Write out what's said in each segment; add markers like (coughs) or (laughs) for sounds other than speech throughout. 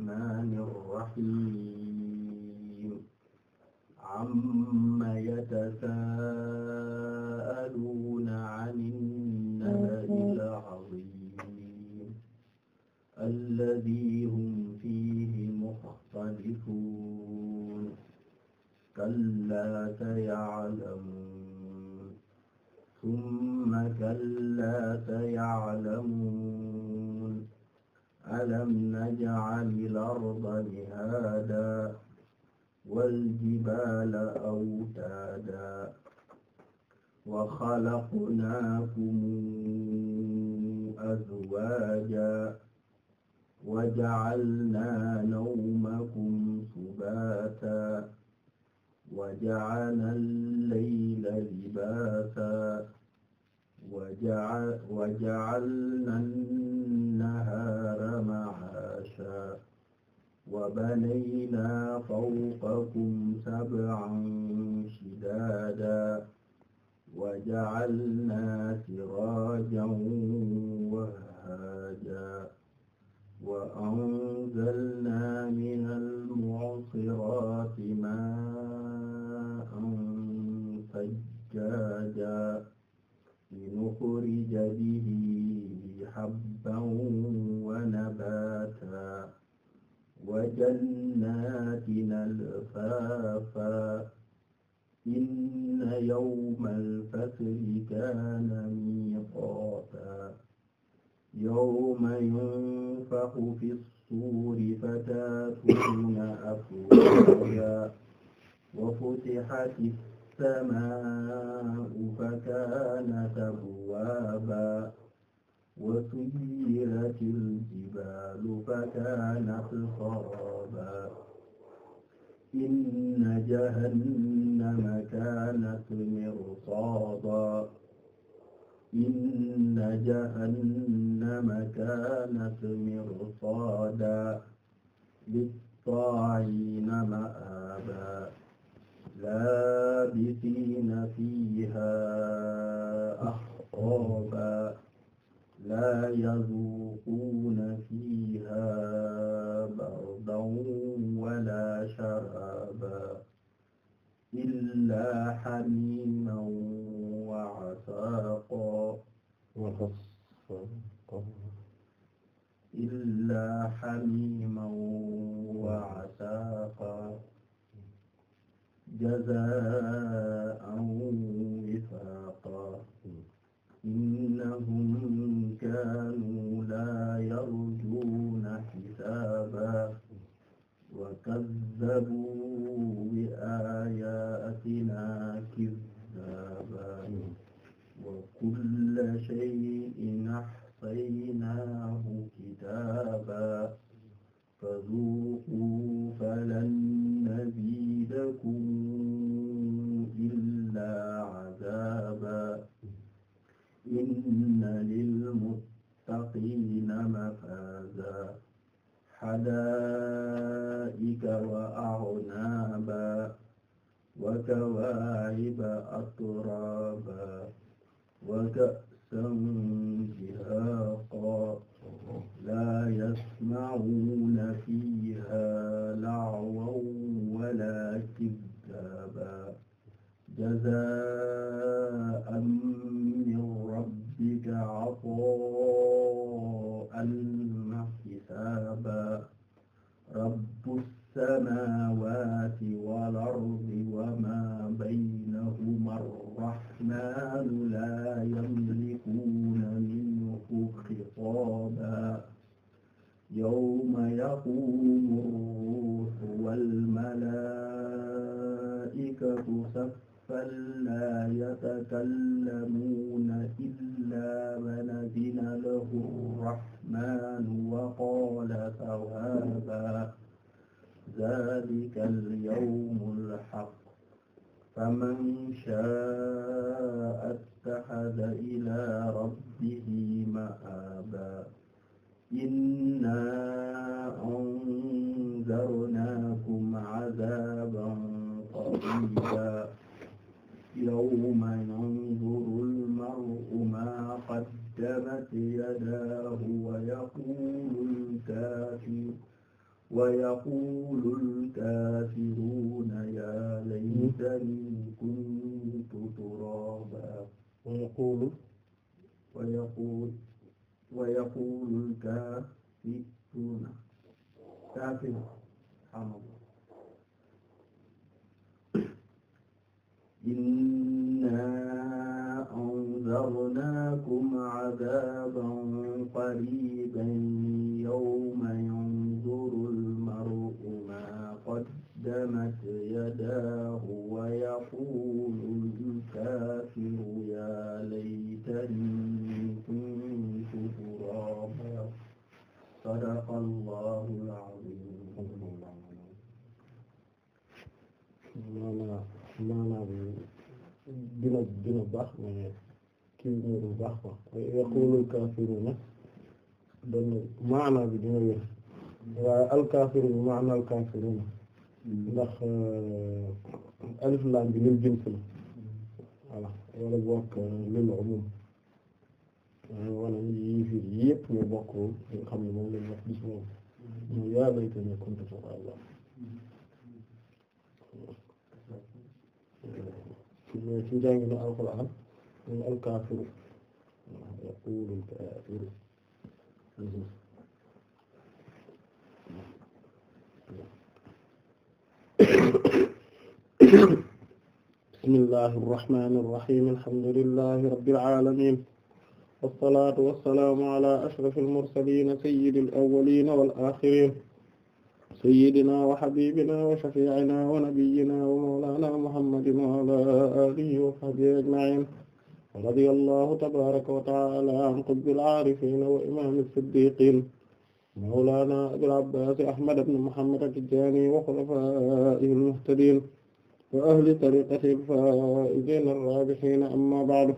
الرحمن الرحيم عما يتساءلون عن النبأ العظيم الذي هم فيه مختلفون كلا سيعلمون ثم كلا سيعلمون ألم نجعل الأرض مهادا والجبال أوتادا وخلقناكم أزواجا وجعلنا نومكم سباتا وجعلنا الليل لباسا وجعلنا النهار معاشا وبنينا فوقكم سبعا شدادا وجعلنا سراجا وهاجا وأنزلنا من المعصرات ماء ثجاجا مخرج به حبا ونباتا وجنات الفافا إن يوم الفصل كان ميقاتا يوم ينفخ في الصور فتاتون أفواجا وفتحت السماء فكانت أبوابا وسيرت الجبال فكانت سرابا إن جهنم كانت مرصادا إن جهنم كانت مرصادا للطاغين مآبا لابثين فيها أحقابا لا يذوقون فيها بردا ولا شرابا إلا حميما وعساقا إلا حميما وعساقا جزاء وفاقا إنهم كانوا لا يرجون حسابا وكذبوا بآياتنا كذابا وكل شيء أحصيناه كتابا فذوقوا فلن لكم إلا عذابا إن للمتقين مفازا حدائق وأعنابا وكواعب أترابا وكأسا دهاقا لا يسمعون فيها لعوا ولا كذابا جزاء من ربك عطاء حسابا رب السماوات والأرض وما بينهما الرحمن لا يملكون منه خطابا يوم يقول صفا لا يتكلمون إلا من أذن له الرحمن وقال صوابا ذلك اليوم الحق فمن شاء اتخذ إلى ربه مآبا إنا أنذرناكم عذابا قريبا يوم ينظر المرء ما قدمت يداه ويقول الكافر ويقول الكافرون يا ليتني كنت ترابا ويقول ويقول ويقول الكافرون كافر حمد إنا أنذرناكم عذابا قريبا يوم ينظر المرء ما قدمت يداه ويقول الكافر يا ليتني كنت ترابا صدق الله العظيم maanaam dina dina baax mais kii moo dul baax quoi yaqulu al-kaafiruuna doon maanaam bi dina wér waaye al-kaafiruuna maanaam al-kaafiruuna ndax euh, alif laam bi lil jins la voilà wala bokk euh, lil umum wala yii fi yëpp ñu bokk ñu xam ne moom lañ wax gis moom yaa laytanii kuntu turaaban ci njànginu alxuraan ñun alkaafiru yaqulul kaafiru bismillahi irrahmani irrahim alhamdulillahi rabbil alamin wassalatu wassalamu ala ashrafil mursalin sayyidil awwalin wal akhirin sayyidina wa habibina wa shafi'ina wa nabiyyina wa mawlana muhammadin wa ala alihi wa sahbihi ajma'in radiyallahu tabaraka wa ta'ala an qutbil arifin wa imam as-siddiqin mawlana abil abbas ahmad ibn muhammad at-tijani wa khulafa'ihi al-muhtadin wa ahli tariqatihi al-fa'izin ar-rabihin amma ba'du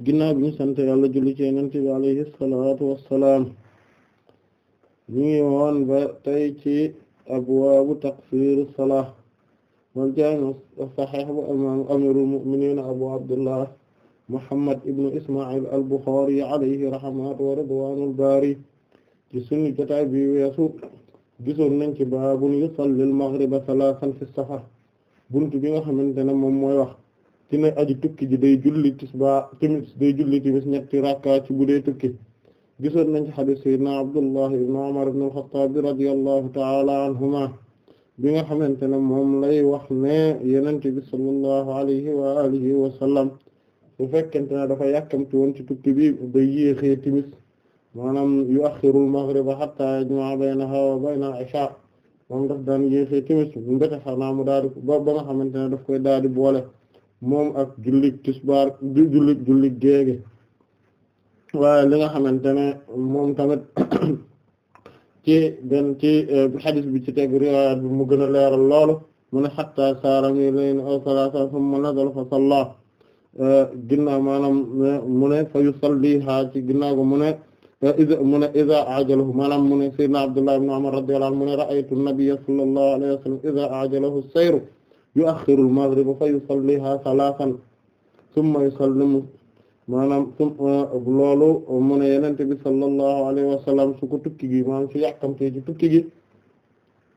ginnaaw bi ñu sant Yàlla julli ci Yonent bi alayhi salatu wassalam ñu ngi woon ba tey ci abwaabu taqsir salaah wal jaami saxiix bu imaam amirul mu'miniin abu abdullah muhammad ibnu isma'il al buxaari alayhi rahmatu wa ridwaanul baari ci sunu jotaay bi weesu gisoon nañ ci baabun yusallil maghriba salaasan fi safar buntu bi nga xamante ne moom mooy wax ci ne aji tukki ji day julli tisbaa timis day ñetti rakka ci bu dee tukki. gisoon nañ ci xadis sayyidina Abdullah ibn Umar ibn al-Khattab radiyallahu ta'ala anhuma bi nga xamante ne moom lay wax ne yenente bi sallallahu alayhi wa alihi wa sallam su fekkente ne dafa yàkkamti woon ci tukki bi ba yéexee timis maanaam yu axirul maghriba hatta yajma'a baynaha wa bayna al-isha moom daf daan yéexee timis bu mbete xanaa mu daal di ba xamante ne daf koy daal di boole moom ak jullig tisbaar jullig jullig waaye li nga xamante ne moom tamit (clears throat) ci benn ci xadis euh, bi ci teg riwayat bi mu gën a leeral loolu mu ne xatta saarami layn aw salasa summa nazala fa salla euh, ginnaaw maanaam euh, mu ne fa yusalliha ci ginnaaw ga mu ne mu ne iza ajalahu maanaam mu ne sayyidina Abdullah ibn Umar radiyallahu anhu mu ne ra'aytu an-nabiyya sallallahu alayhi wa sallam iza ajalahu as-sayru yu'akhkhiru al-maghrib fa yusalliha salasan thumma yusallimu maanaam su uh, loolu mu ne yenente bi sallallahu alayhi wa sallam tukki gi maanaam su yàkkamtee ci tukki gi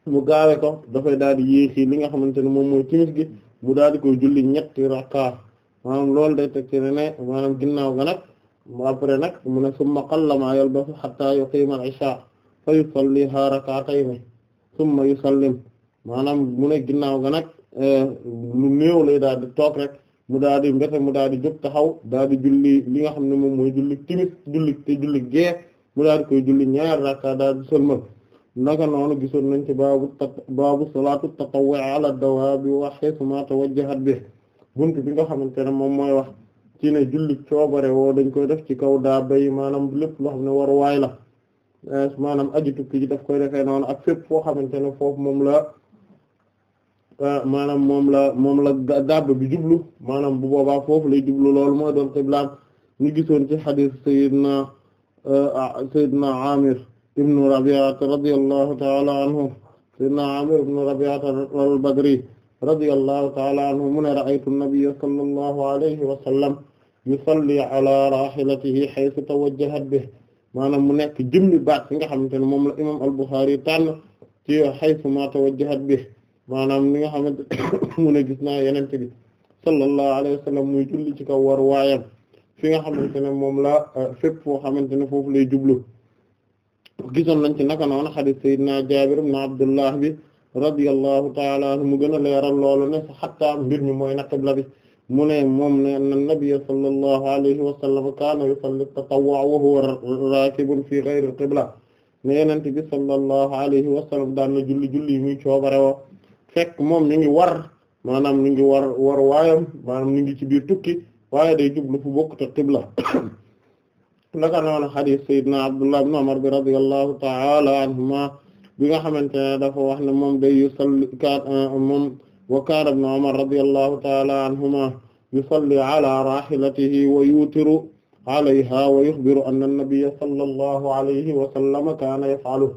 mu gaawe ko dafay daal di li nga xamante ne moom mooy timis gi mu daal di koy julli ñetti rakka maanaam loolu day te ci ne ne maanaam ginnaaw ga nag après nag mu ne summa qallama yalbasu hatta yuqima al-isha fa yusalliha rak'atayn summa yusallim maanaam mu ne ginnaaw ga nag eh, lu néew lay daal di toog rek mu daal di mbete mu daal di jóg taxaw daal di julli li nga xam ne moom mooy julli timis julli te julli gee mu daal di koy julli ñaar rakka daal di sëlmal naka noonu gisoon nañ ci baabu baabu salaatu tatawwu ala dawaabi wa haythuma tawajjahat bi bunt bi nga xamante ne moom mooy wax ci ne julli coobare woo dañ koy def ci kaw daa bay maanaam lépp loo xam ne waruwaay la eh, maanaam aji tukki ji daf koy defee noonu ak fépp foo xamante ne foofu moom la Ah, maanaam moom la moom la dàbb bi jublu maanaam bu boobaa foofu lay jublu loolu mooy doon xiblaam ñu gisoon ci xadiis Seydina ah, ah, Seydina Amir ibnu Rabi'a radiyallahu ta'ala anhu Seydina Amir ibnu Rabi'a al-Badri radiyallahu ta'ala anhu mu ne ra'aytu an-nabiyya sallallahu alayhi wa sallam yusalli ala rahilatihi haythu tawajjahat bihi maanaam mu nekk jëmmi baat bi nga xamante ne moom la imam al-Bukhari tànn ci haythu ma tawajjahat bihi maanaam li nga xam (coughs) mu ne gis naa yeneen bi sallallahu alayhi wa sallam muy ci kaw war waayam fi nga xamante ne moom la euh, fépp foo xamante ne foofu lay jublu gisoon nañ ci naka noonu xadis sayyidina Jaabir ibn Abdullah bi radiyallahu taala anhu mu gën a leeral lool ne xatta mbir mi mooy na qibla bi mu ne moom ne na nabiyya sallallahu alayhi wa sallam kaana yusalli tatawwu wa huwa raakibun fi ghayri qibla ne yenente bi sallallahu alayhi wa sallam daan na julli julli muy coobare woo fekk moom ñu ngi war maanaam ñu ngi war war waayam maanaam ñu ngi ci biir tukki waaye day jublu fu bokk te xibla (coughs) naka noonu xadiis sayyidina Abdullah ibn Umar bi radiyallahu ta'ala anhuma bi nga xamante ne dafa wax ne moom day yusalli kaan uh, moom wa kaana ibn Umar radiyallahu ta'ala anhuma yusalli ala rahilatihi wa yutiru alayha wa yukhbiru anna an-nabiyya sallallahu alayhi wa sallama kaana yaf'aluhu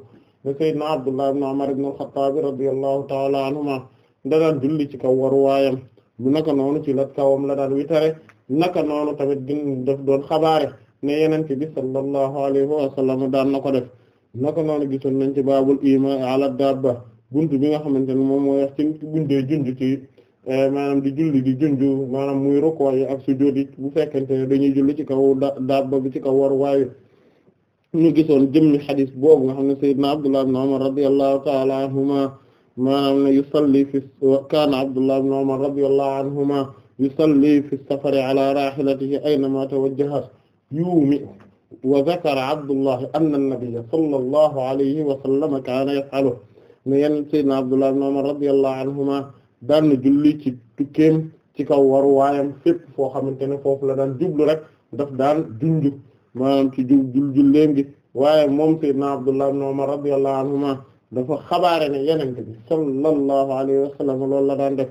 sayyidina Abdullah ibn Umar ibn al-Khattab radiyallahu ta'ala anhuma da daan julli ci kaw waruwaayam bu naka noonu ci lat kawam la daan witare naka noonu tamit di def doon xabaare ne yenente bi sallallahu alayhi wa sallam daan na ko def naka noonu gisoon nañ ci baabul iman ala dabba buntu bi nga xamante ne moom mooy wax ci bundee junj ci eh, maanaam di julli di junj maanaam muy rukkoo yi ak sujjóot yi bu fekkente ne dañuy julli ci kaw dabba bi ci kaw waruwaay ñu gisoon jëmmi xadis boobu nga xam ne sayyidna Abdullah ibn Umar radiyallahu ta'ala anhuma maanaam ne yusalli fi kaana Abdullah ibn Umar radiyallahu anhuma yusalli fi safari ala rahilatihi aynama tawajjaha yuumi wa zakara Abdullah anna an-nabiyya sallallahu alayhi wa sallam kaana yaf'alu ne yen sayyidna Abdullah ibn Umar radiyallahu anhuma daan na julli ci tukkeem ci kaw waruwaayam fépp foo xamante ne foofu la daan jublu rek daf daan junju maanaam ci jul jul julleem gi waaye moom sayyidna Abdullah ibn Umar radiyallahu anhuma dafa xabaare ne yenente bi sallallahu alayhi wa sallam loolu la daan def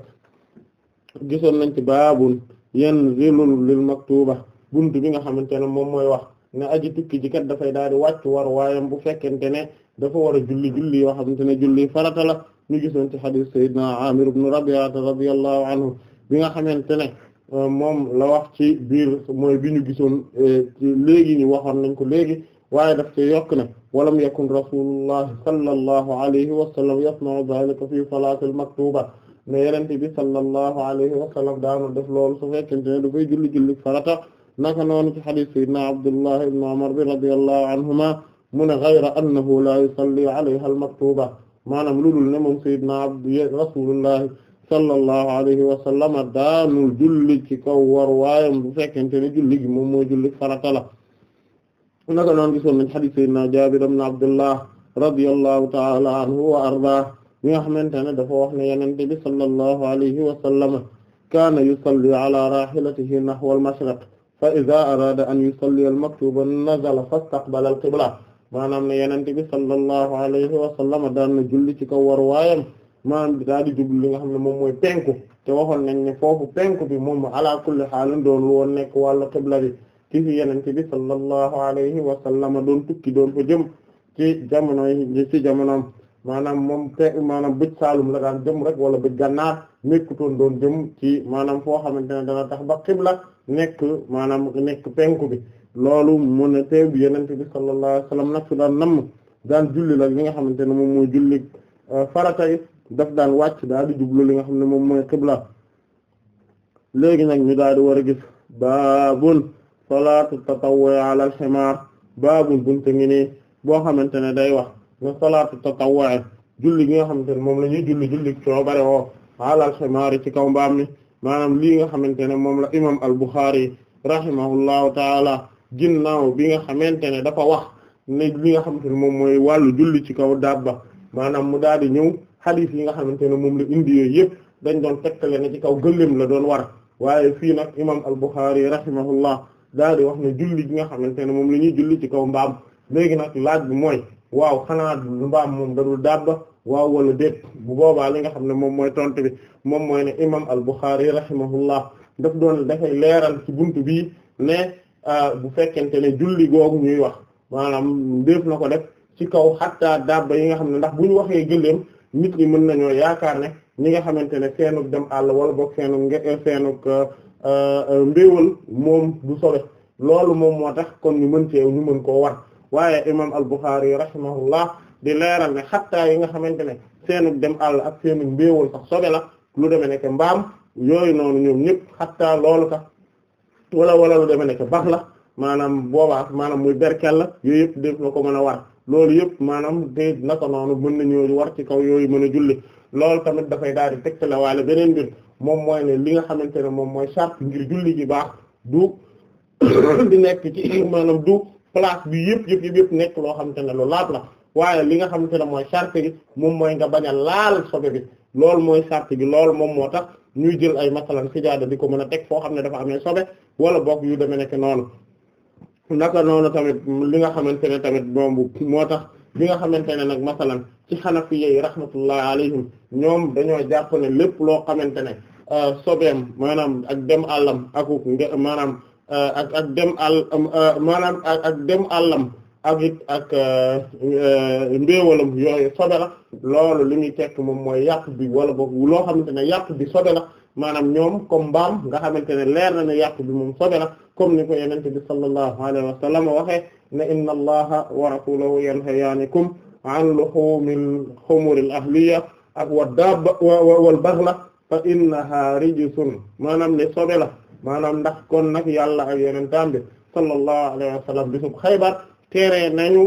gisoon nañ ci baabun yanzilul lil maktuba bunt bi nga xamante ne moom mooy wax ne aji tukki ji kat dafay daal di wàcc war waayam bu fekkente ne dafa war a julli julli yoo xamante ne julli farata la ñu gisoon ci hadith sayyidna Amir ibn Rabi'a radiyallahu anhu bi nga xamante ne Euh, moom la wax ci biir mooy bi ñu gisoon euh, léegi ñu waxoon nañ ko léegi waaye daf ci yokk na walam yakun rasulullah sallallahu alayhi wa sallam yasna'u dhalika fi salaatil maktuba ne yenente bi sallallahu alayhi wa sallam daanul def loolu su fekkente ne dafay julli-julli farata naka noonu ci hadith sayyidina abdullah ibn umar bi radiyallahu anhuma mu ne ghayra annahu la yusalli alayha al maktuba maanaam lulul ne moom sayyidina abdu rasulullahi sallallahu alayhi wa sallama daanul julli ci kaw war waayam bu fekkente ne julli gi moom moo julli farata la naka noon gisoon nañ hadith sayyidina Jaabir ibn Abdullah radiyallahu ta'ala anhu wa arda mi nga xamante ne dafa wax ne yenente bi sallallahu alayhi wa sallama kaana yusalli ala rahilatihi nahwa al-mashriq fa idha arada an yusalli al-maktuba nazala fastaqbala al-qibla maanaam ne yenente bi sallallahu alayhi wa sallama daan na julli ci kaw war waayam maanaam daal di jublu nga xam ne moom mooy penku te waxoon nañ ne foofu penku bi moom ala kulli xaalin doon woon nekk wàllu xibla bi ci fi yeneen ci bi sallallahu alayhi wa sallam doon tukki doon ko jëm ci jamono yi ci jamonoom maanaam moom te maanaam bëj saalum la daan jëm rek wala bëj gànnaar nekkutoon doon jëm ci maanaam foo xamante ne dana tax ba xibla nekk maanaam nekk penku bi loolu mu ne teew bi yeneen bi sallallahu alayhi wa sallam nag su daan namm daan julli la li nga xamante ne moom mooy julli euh, daf daan wàcc daal di jublu li nga xam ne moom mooy xibla léegi nag ñu daal di war a gis baabun salaatu tatawwu ala al-himaar baabun bunte ngi nii boo xamante ne day wax nga salaatu tatawwu julli gi nga xamante ne moom la ñuy julli julli coobare woo ala ci kaw mbaam mi maanaam lii nga xamante ne moom la imam al-Bukhari rahimahullahu taala ginnaaw bi nga xamante ne dafa wax ne li nga xamante ne moom mooy wàllu julli ci kaw dabba maanaam mu daal di ñëw xadiis yi nga xamante ne moom la indi yooyu yëpp dañ doon tegtale na ci kaw gëléem la doon war waaye fii nag imam al-Bukhari rahimahullah daal di wax ne julli gi nga xamante ne moom la ñuy julli ci kaw mbaam léegi nag laaj bi mooy waaw xanaa mbaam moom dadul dabba waaw wala déet bu boobaa li nga xam ne moom mooy tontu bi moom mooy ne imam al-Bukhari rahimahullah daf doon dafay leeral ci bunt bi ne ah, bu fekkente ne julli googu ñuy wax maanaam def na ko def ci kaw xattaa dabba yi nga xam ne ndax bu ñu waxee gëléem nit ñi mën nañoo yaakaar ne ñi nga xamante ne seenug dem àll wala boog seenug nge euh, seenug euh, euh, mbéwal moom du sobe loolu moom moo tax kon ñu mën cee ñu mën koo war waaye imam al-Bukhari rahimahullah di leeral ne xatta yi nga xamante ne seenug dem àll ak seenug mbéwal sax sobe la lu demee nekk mbaam yooyu noonu ñoom ñëpp xattaa loolu sax wala wala lu demee nekk bax la maanaam boobaa maanaam muy berkel la yooyu yëpp def na ko mën a war loolu yëpp maanaam te naka noonu mën nañu war ci kaw yooyu mën a julli lool tamit dafay daal di tegtale waale beneen mbir moom mooy ne li nga xamante ne moom mooy charte ngir julli gi baax du (coughs) di nekk ci (coughs) maanaam du place bi yëpp yëpp nekk loo xamante ne lu laab la waaye li nga xamante ne mooy charte moom mooy nga bañ laal sobe bi loolu mooy charte gi loolu moom moo tax ñuy jël ay masalan sijaada di ko mën a teg foo xam ne dafa amee sobe wala boog yu demee nekk noonu naka noonu tamit li nga xamante ne tamit moom moo tax li nga xamante ne nag masalan ci xanafiya yi rahmatullahi alayhim ñoom dañoo jàpp lépp loo xamante ne euh, sobeem maanaam ak dem àllam ak maanaam euh, ak ak dem àll euh, maanaam ak dem àllam ak it ak mbéewalam yooyu sobe la loolu li muy tekk moom mooy yàq bi wala boog loo xamante ne yàq bi sobe maanaam ñoom comme mbaam nga xamante ne leer na ne yàpp bi moom sobe la comme ni ko yenente bi sallallahu alayhi wa sallam waxee ne inna allaha wa rasuluhu yanhayaanikum an luhumil humuril ahliya ak wa dabba wal baghla fa innaha rijsun maanaam ne sobe la maanaam ndax kon nag yàlla ak yenentaan bi sallallahu alayhi wa sallam bisub xaybar tere nañu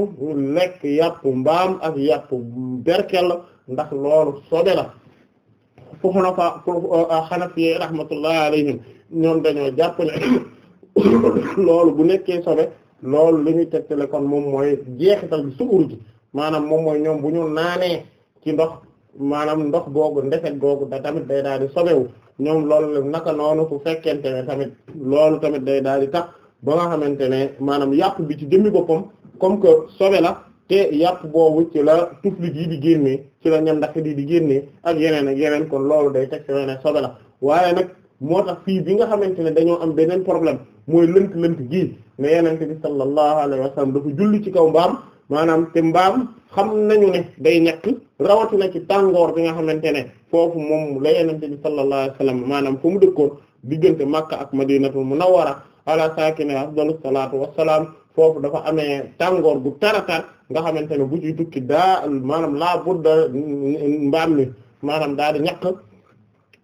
lekk yàpp mbaam ak yàpp berkel ndax loolu sobe la fu xunafa xanafi euh, rahmatullahi alayhim ñoom dañoo jàpp ne (coughs) loolu bu nekkee sobe loolu li ñuy tegtale moom mooy jeexital bi sukur ji maanaam moom mooy ñoom bu ñu naanee ci ndox maanaam ndox googu ndefet googu da tamit day daal di sobewu ñoom loolu naka noonu su fekkente ne tamit loolu tamit day daal di tax ba nga xamante ne maanaam yàpp bi ci jëmmi boppam comme que sobe la te yàpp boobu ci la tuflit yi di génne ci la ñandax di di génne ak yeneen ak yeneen kon loolu day teg ne sobe la waaye nag moo tax fii bi nga xamante ne dañoo am beneen problème mooy lënt-lënt gii ne yeneen bi sallallahu alayhi wa sallam dafa julli ci kaw mbaam maanaam te mbaam xam nañu ne day ñàkk rawatina ci tàngoor bi nga xamante ne foofu moom la yeneen bi sallallahu alayhi wa sallam maanaam fu mu dëkkoon diggante Makka ak Madinatul Munawwara ala saakine afdalu salaatu wassalaam foofu dafa amee tàngoor bu taratar nga xamante ne bu ci tukki daa maanaam laa budda mbaam mi maanaam daal ñaq ñàkk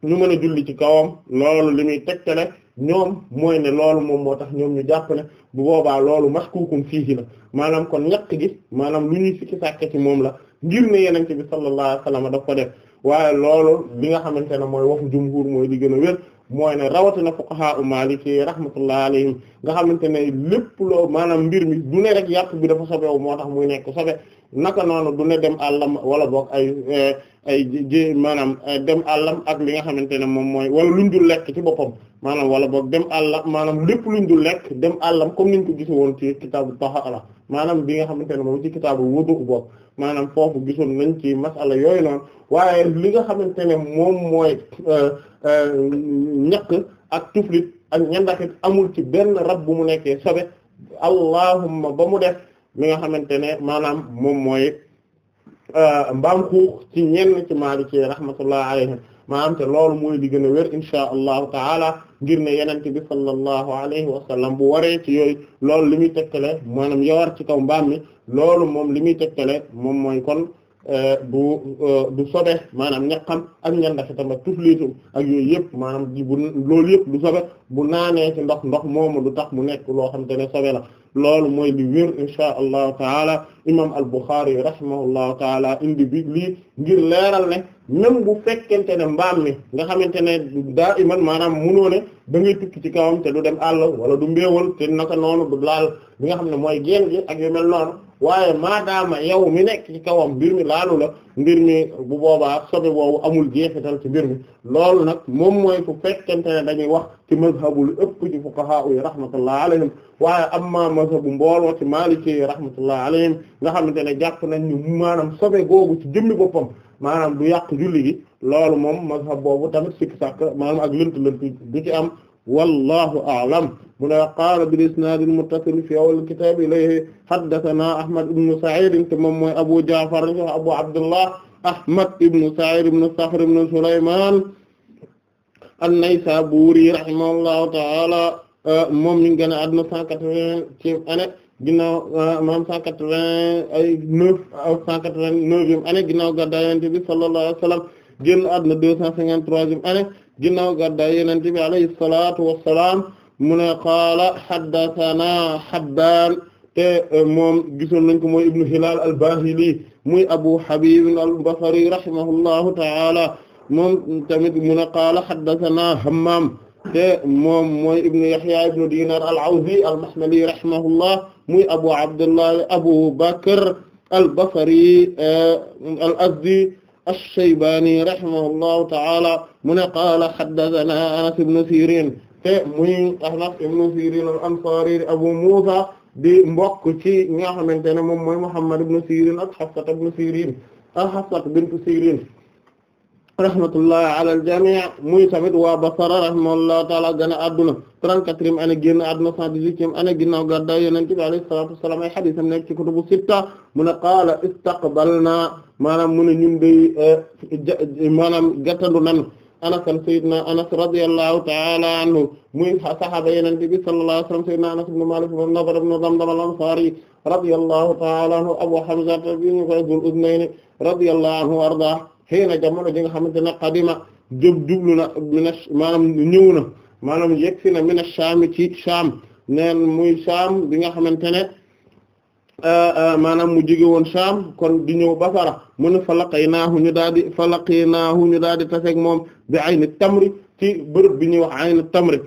ñu mën a julli ci kawam loolu li muy tegtale ñoom mooy ne loolu moom moo tax ñoom ñu jàpp ne bu boobaa loolu maskuukum fiihi la maanaam kon ñàkk gi maanaam lu ñuy sikki sàkke ci moom la ngir ne yenente bi sallallahu alayhi wasallam daf ko def waaye loolu bi nga xamante ne mooy waxu jumhur mooy di gën a wér mooy ne rawatina fuqaha u maliki rahmatullah alayhim nga xamante ne lépp loo maanaam mbir mi du ne rek yàpp bi dafa sobewu moo tax muy nekk sobe naka noonu du ne dem àllam wala boog ay eh, ay ji maanaam eh, dem àllam ak li nga xamante ne moom mooy wala luñ dul lekk ci boppam maanaam wala boog dem àllam maanaam lépp luñ dul lekk dem àllam comme niñ ko gis woon ci kitaabu taxaala maanaam bi nga xamante ne moom ci kitaabu wudu bopp maanaam foofu gisoon nañ ci masala yooyu noonu waaye li nga xamante ne moom mooy eh, Euh, ñaq ak tuflit ak ñandaxit amul ci benn rab bu mu nekkee sobe allahumma ba mu def mi nga xamante ne maanaam moom mooy euh, mbaam xuux ci ñenn ci maaliki rahmatullah alayhim maanaam te loolu mooy li gën a wér inshaa allahu taala ngir ne yenente bi sallallahu alayhi wa bu waree ci yooyu loolu li muy tegtale maanaam yowar ci kaw mbaam mi loolu moom li muy tegtale moom mooy kon du euh, du euh, sobe maanaam ñaqam ak ñandaxitam ak tufliitum ak yooyu yëpp maanaam bu loolu yëpp du sobe bu naanee ci ndox ndox moomu du tax mu nekk loo xam ne sobe la loolu mooy li wér insha allahu taala imam al Bukhari rahimahullahu taala indi bi lii ngir leeral ne même bu fekkente ne mbaam mi nga xamante ne daa iman maanaam munoo ne da ngay tukki ci kawam te du dem àll wala du mbéewal te naka noonu du laal bi nga xam ne mooy génn gi ak yu mel noonu waaye maadaama yow mi nekk ci kawam mbir mi laalu la mbir mi bu boobaa sobe boobu amul tal ci mbir mi loolu nag moom mooy fu fekkente ne dañuy wax ci mazhabul ëpp ci fuqaha yi rahmatullah alayhim waaye amma mazhabu mbooloo ci maliki yi rahmatullah alayhim nga xamante ne jàpp nañ ni maanaam sobe googu ci jëmmi boppam maanaam du yàq julli gi loolu moom mazhab boobu tamit sikki sàkk maanaam ak lënt lënt du ci am a a'lam mu ne qaala bil isnaad al muttasil fi awwal kitaab ilayhi haddathana Ahmad ibn Sa'id te moom mooy Abu Ja'far Abu Abdullah Ahmad ibn Sa'id ibn Sakhr ibn Sulaymaan an-Naysaburi rahimahullahu ta'ala moom mi ngi gën a àdduna 180 année ginnaaw maanaam 180 ay 9 189 année ginnaaw gàddaay Yonent bi sallallahu alayhi wa sallam génn àdduna 253 année ginnaaw gàddaay Yonent bi alayhi salaatu wa salaam mu ne qaala haddathana Habbaan te euh, moom gisoon nañ ko mooy ibnu Hilaal al-Baahili muy Abu Habiib al-Basri rahimahullahu ta'ala moom tamit mu ne qaala haddathana Hammaam te moom mooy ibnu Yahya ibnu Diinaar al-Awzi al-Mahmali rahimahullah muy Abu Abdullah Abu Bakr al-Basri euh, al-Azdi ash-Shaybaani rahimahullahu ta'ala mu ne qaala haddathana Anas ibn Sirin te muy Anas ibn Sirin al-Ansari Abu Musa di mbokk ci ñi nga xamante ne moom mooy Muhammad ibn Sirin ak Hafsat ibn Sirin ak Hafsat bint Sirin rahmatullah ala al-jami' muy tamit waa Basra rahimahullahu ta'ala gën a adduna 34e année génn adduna 118e année ginnaaw gàddaay Yonent bi alayhi salaatu wa salaam ay hadiis am nekk ci kutubu sitta mu ne qaala istaqbalna maanaam mu ne ñun day eh, maanaam gàttandu nan anasan sayyidina anas radiyallahu ta'ala anhu muy sahaaba yenente bi sallallahu alayhi wa sallam sayyidina anas ibn malik ibn nadr ibn damdam al-ansari radiyallahu ta'ala anhu abu hamza bi ñu koy dul udnayni radiyallahu anhu warda xëyna jamono ji nga xamante ne qadima jub jublu na mina maanaam ñëw na maanaam yegsi na mina Shaam ci Shaam neen muy Shaam bi nga xamante ne maanaam mu jóge woon Sham kon di ñëw Basara mu ne fa laqaynaahu ñu daal di fa laqaynaahu ñu daal di taseeg moom ay ayni tamri ci bërëb bi ñuy wax ayni tamri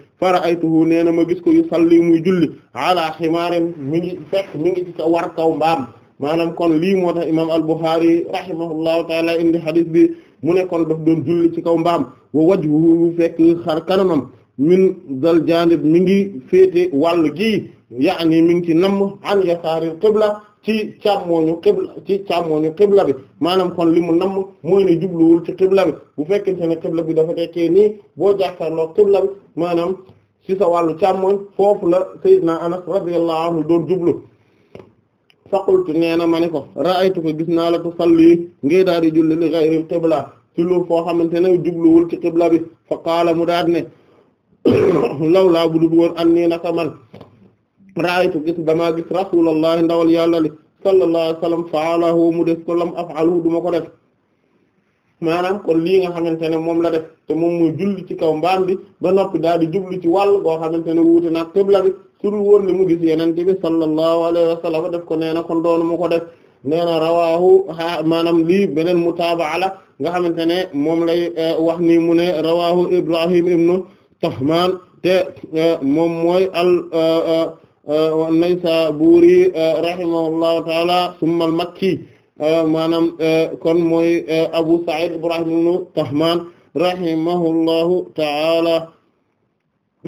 ay tu nee na ma gis ko yu salli muy julli ala ximaarin mi ngi fekk mi ngi ci ka war kaw mbaam maanaam kon lii moo tax imaam al-Bukhari rahimahullahu taala indi hadith bi mu ne kon daf julli ci kaw mbaam wa wajhuhu fekk xar kanamam min dal janib mi ngi féete wàll gii yaani mi ngi ci namm an yasaaril qibla ci càmmooñu qibla ci càmmooñu qibla bi maanaam kon li mu namm mooy ne jubluwul ci qibla bi bu fekkente ne qibla bi dafa tekkee nii boo jàkkaarloo qibla bi maanaam ci sa wàllu càmmooñ foofu la sayyidna anas radiyallahu anhu doon jublu faqultu nee na ma ne ko ra'aytu ko gis naa la tusalli ngay daal di julli li ghayril qibla ci lu foo xamante ne jubluwul ci qibla bi fa qaala mu daat ne (coughs) lawlaa bu dul woon an nii man raaytu gis damaa gis rasulullah ndawal yàlla li sallallahu alayhi wa sallam mu def ko lam duma ko def maanaam kon lii nga xamante ne moom la def te moom mu julli ci kaw mbaam bi ba noppi daal di jublu ci wàll boo xamante ne wuute naag tëbla bi mu gis yeneen bi sallallahu alayhi wa def ko nee na kon doonu mu ko def nee na rawaahu a maanaam lii beneen mutaabaa la nga xamante ne moom lay eh, wax ni mu ne rawaahu Ibrahim ibnu Tahmaan te e, moom mooy al e, e, Naysaburi rahimahullahu taala summa al Makki maanaam kon mooy Abu Sa'id Ibrahim ibn Tahmaan rahimahullahu taala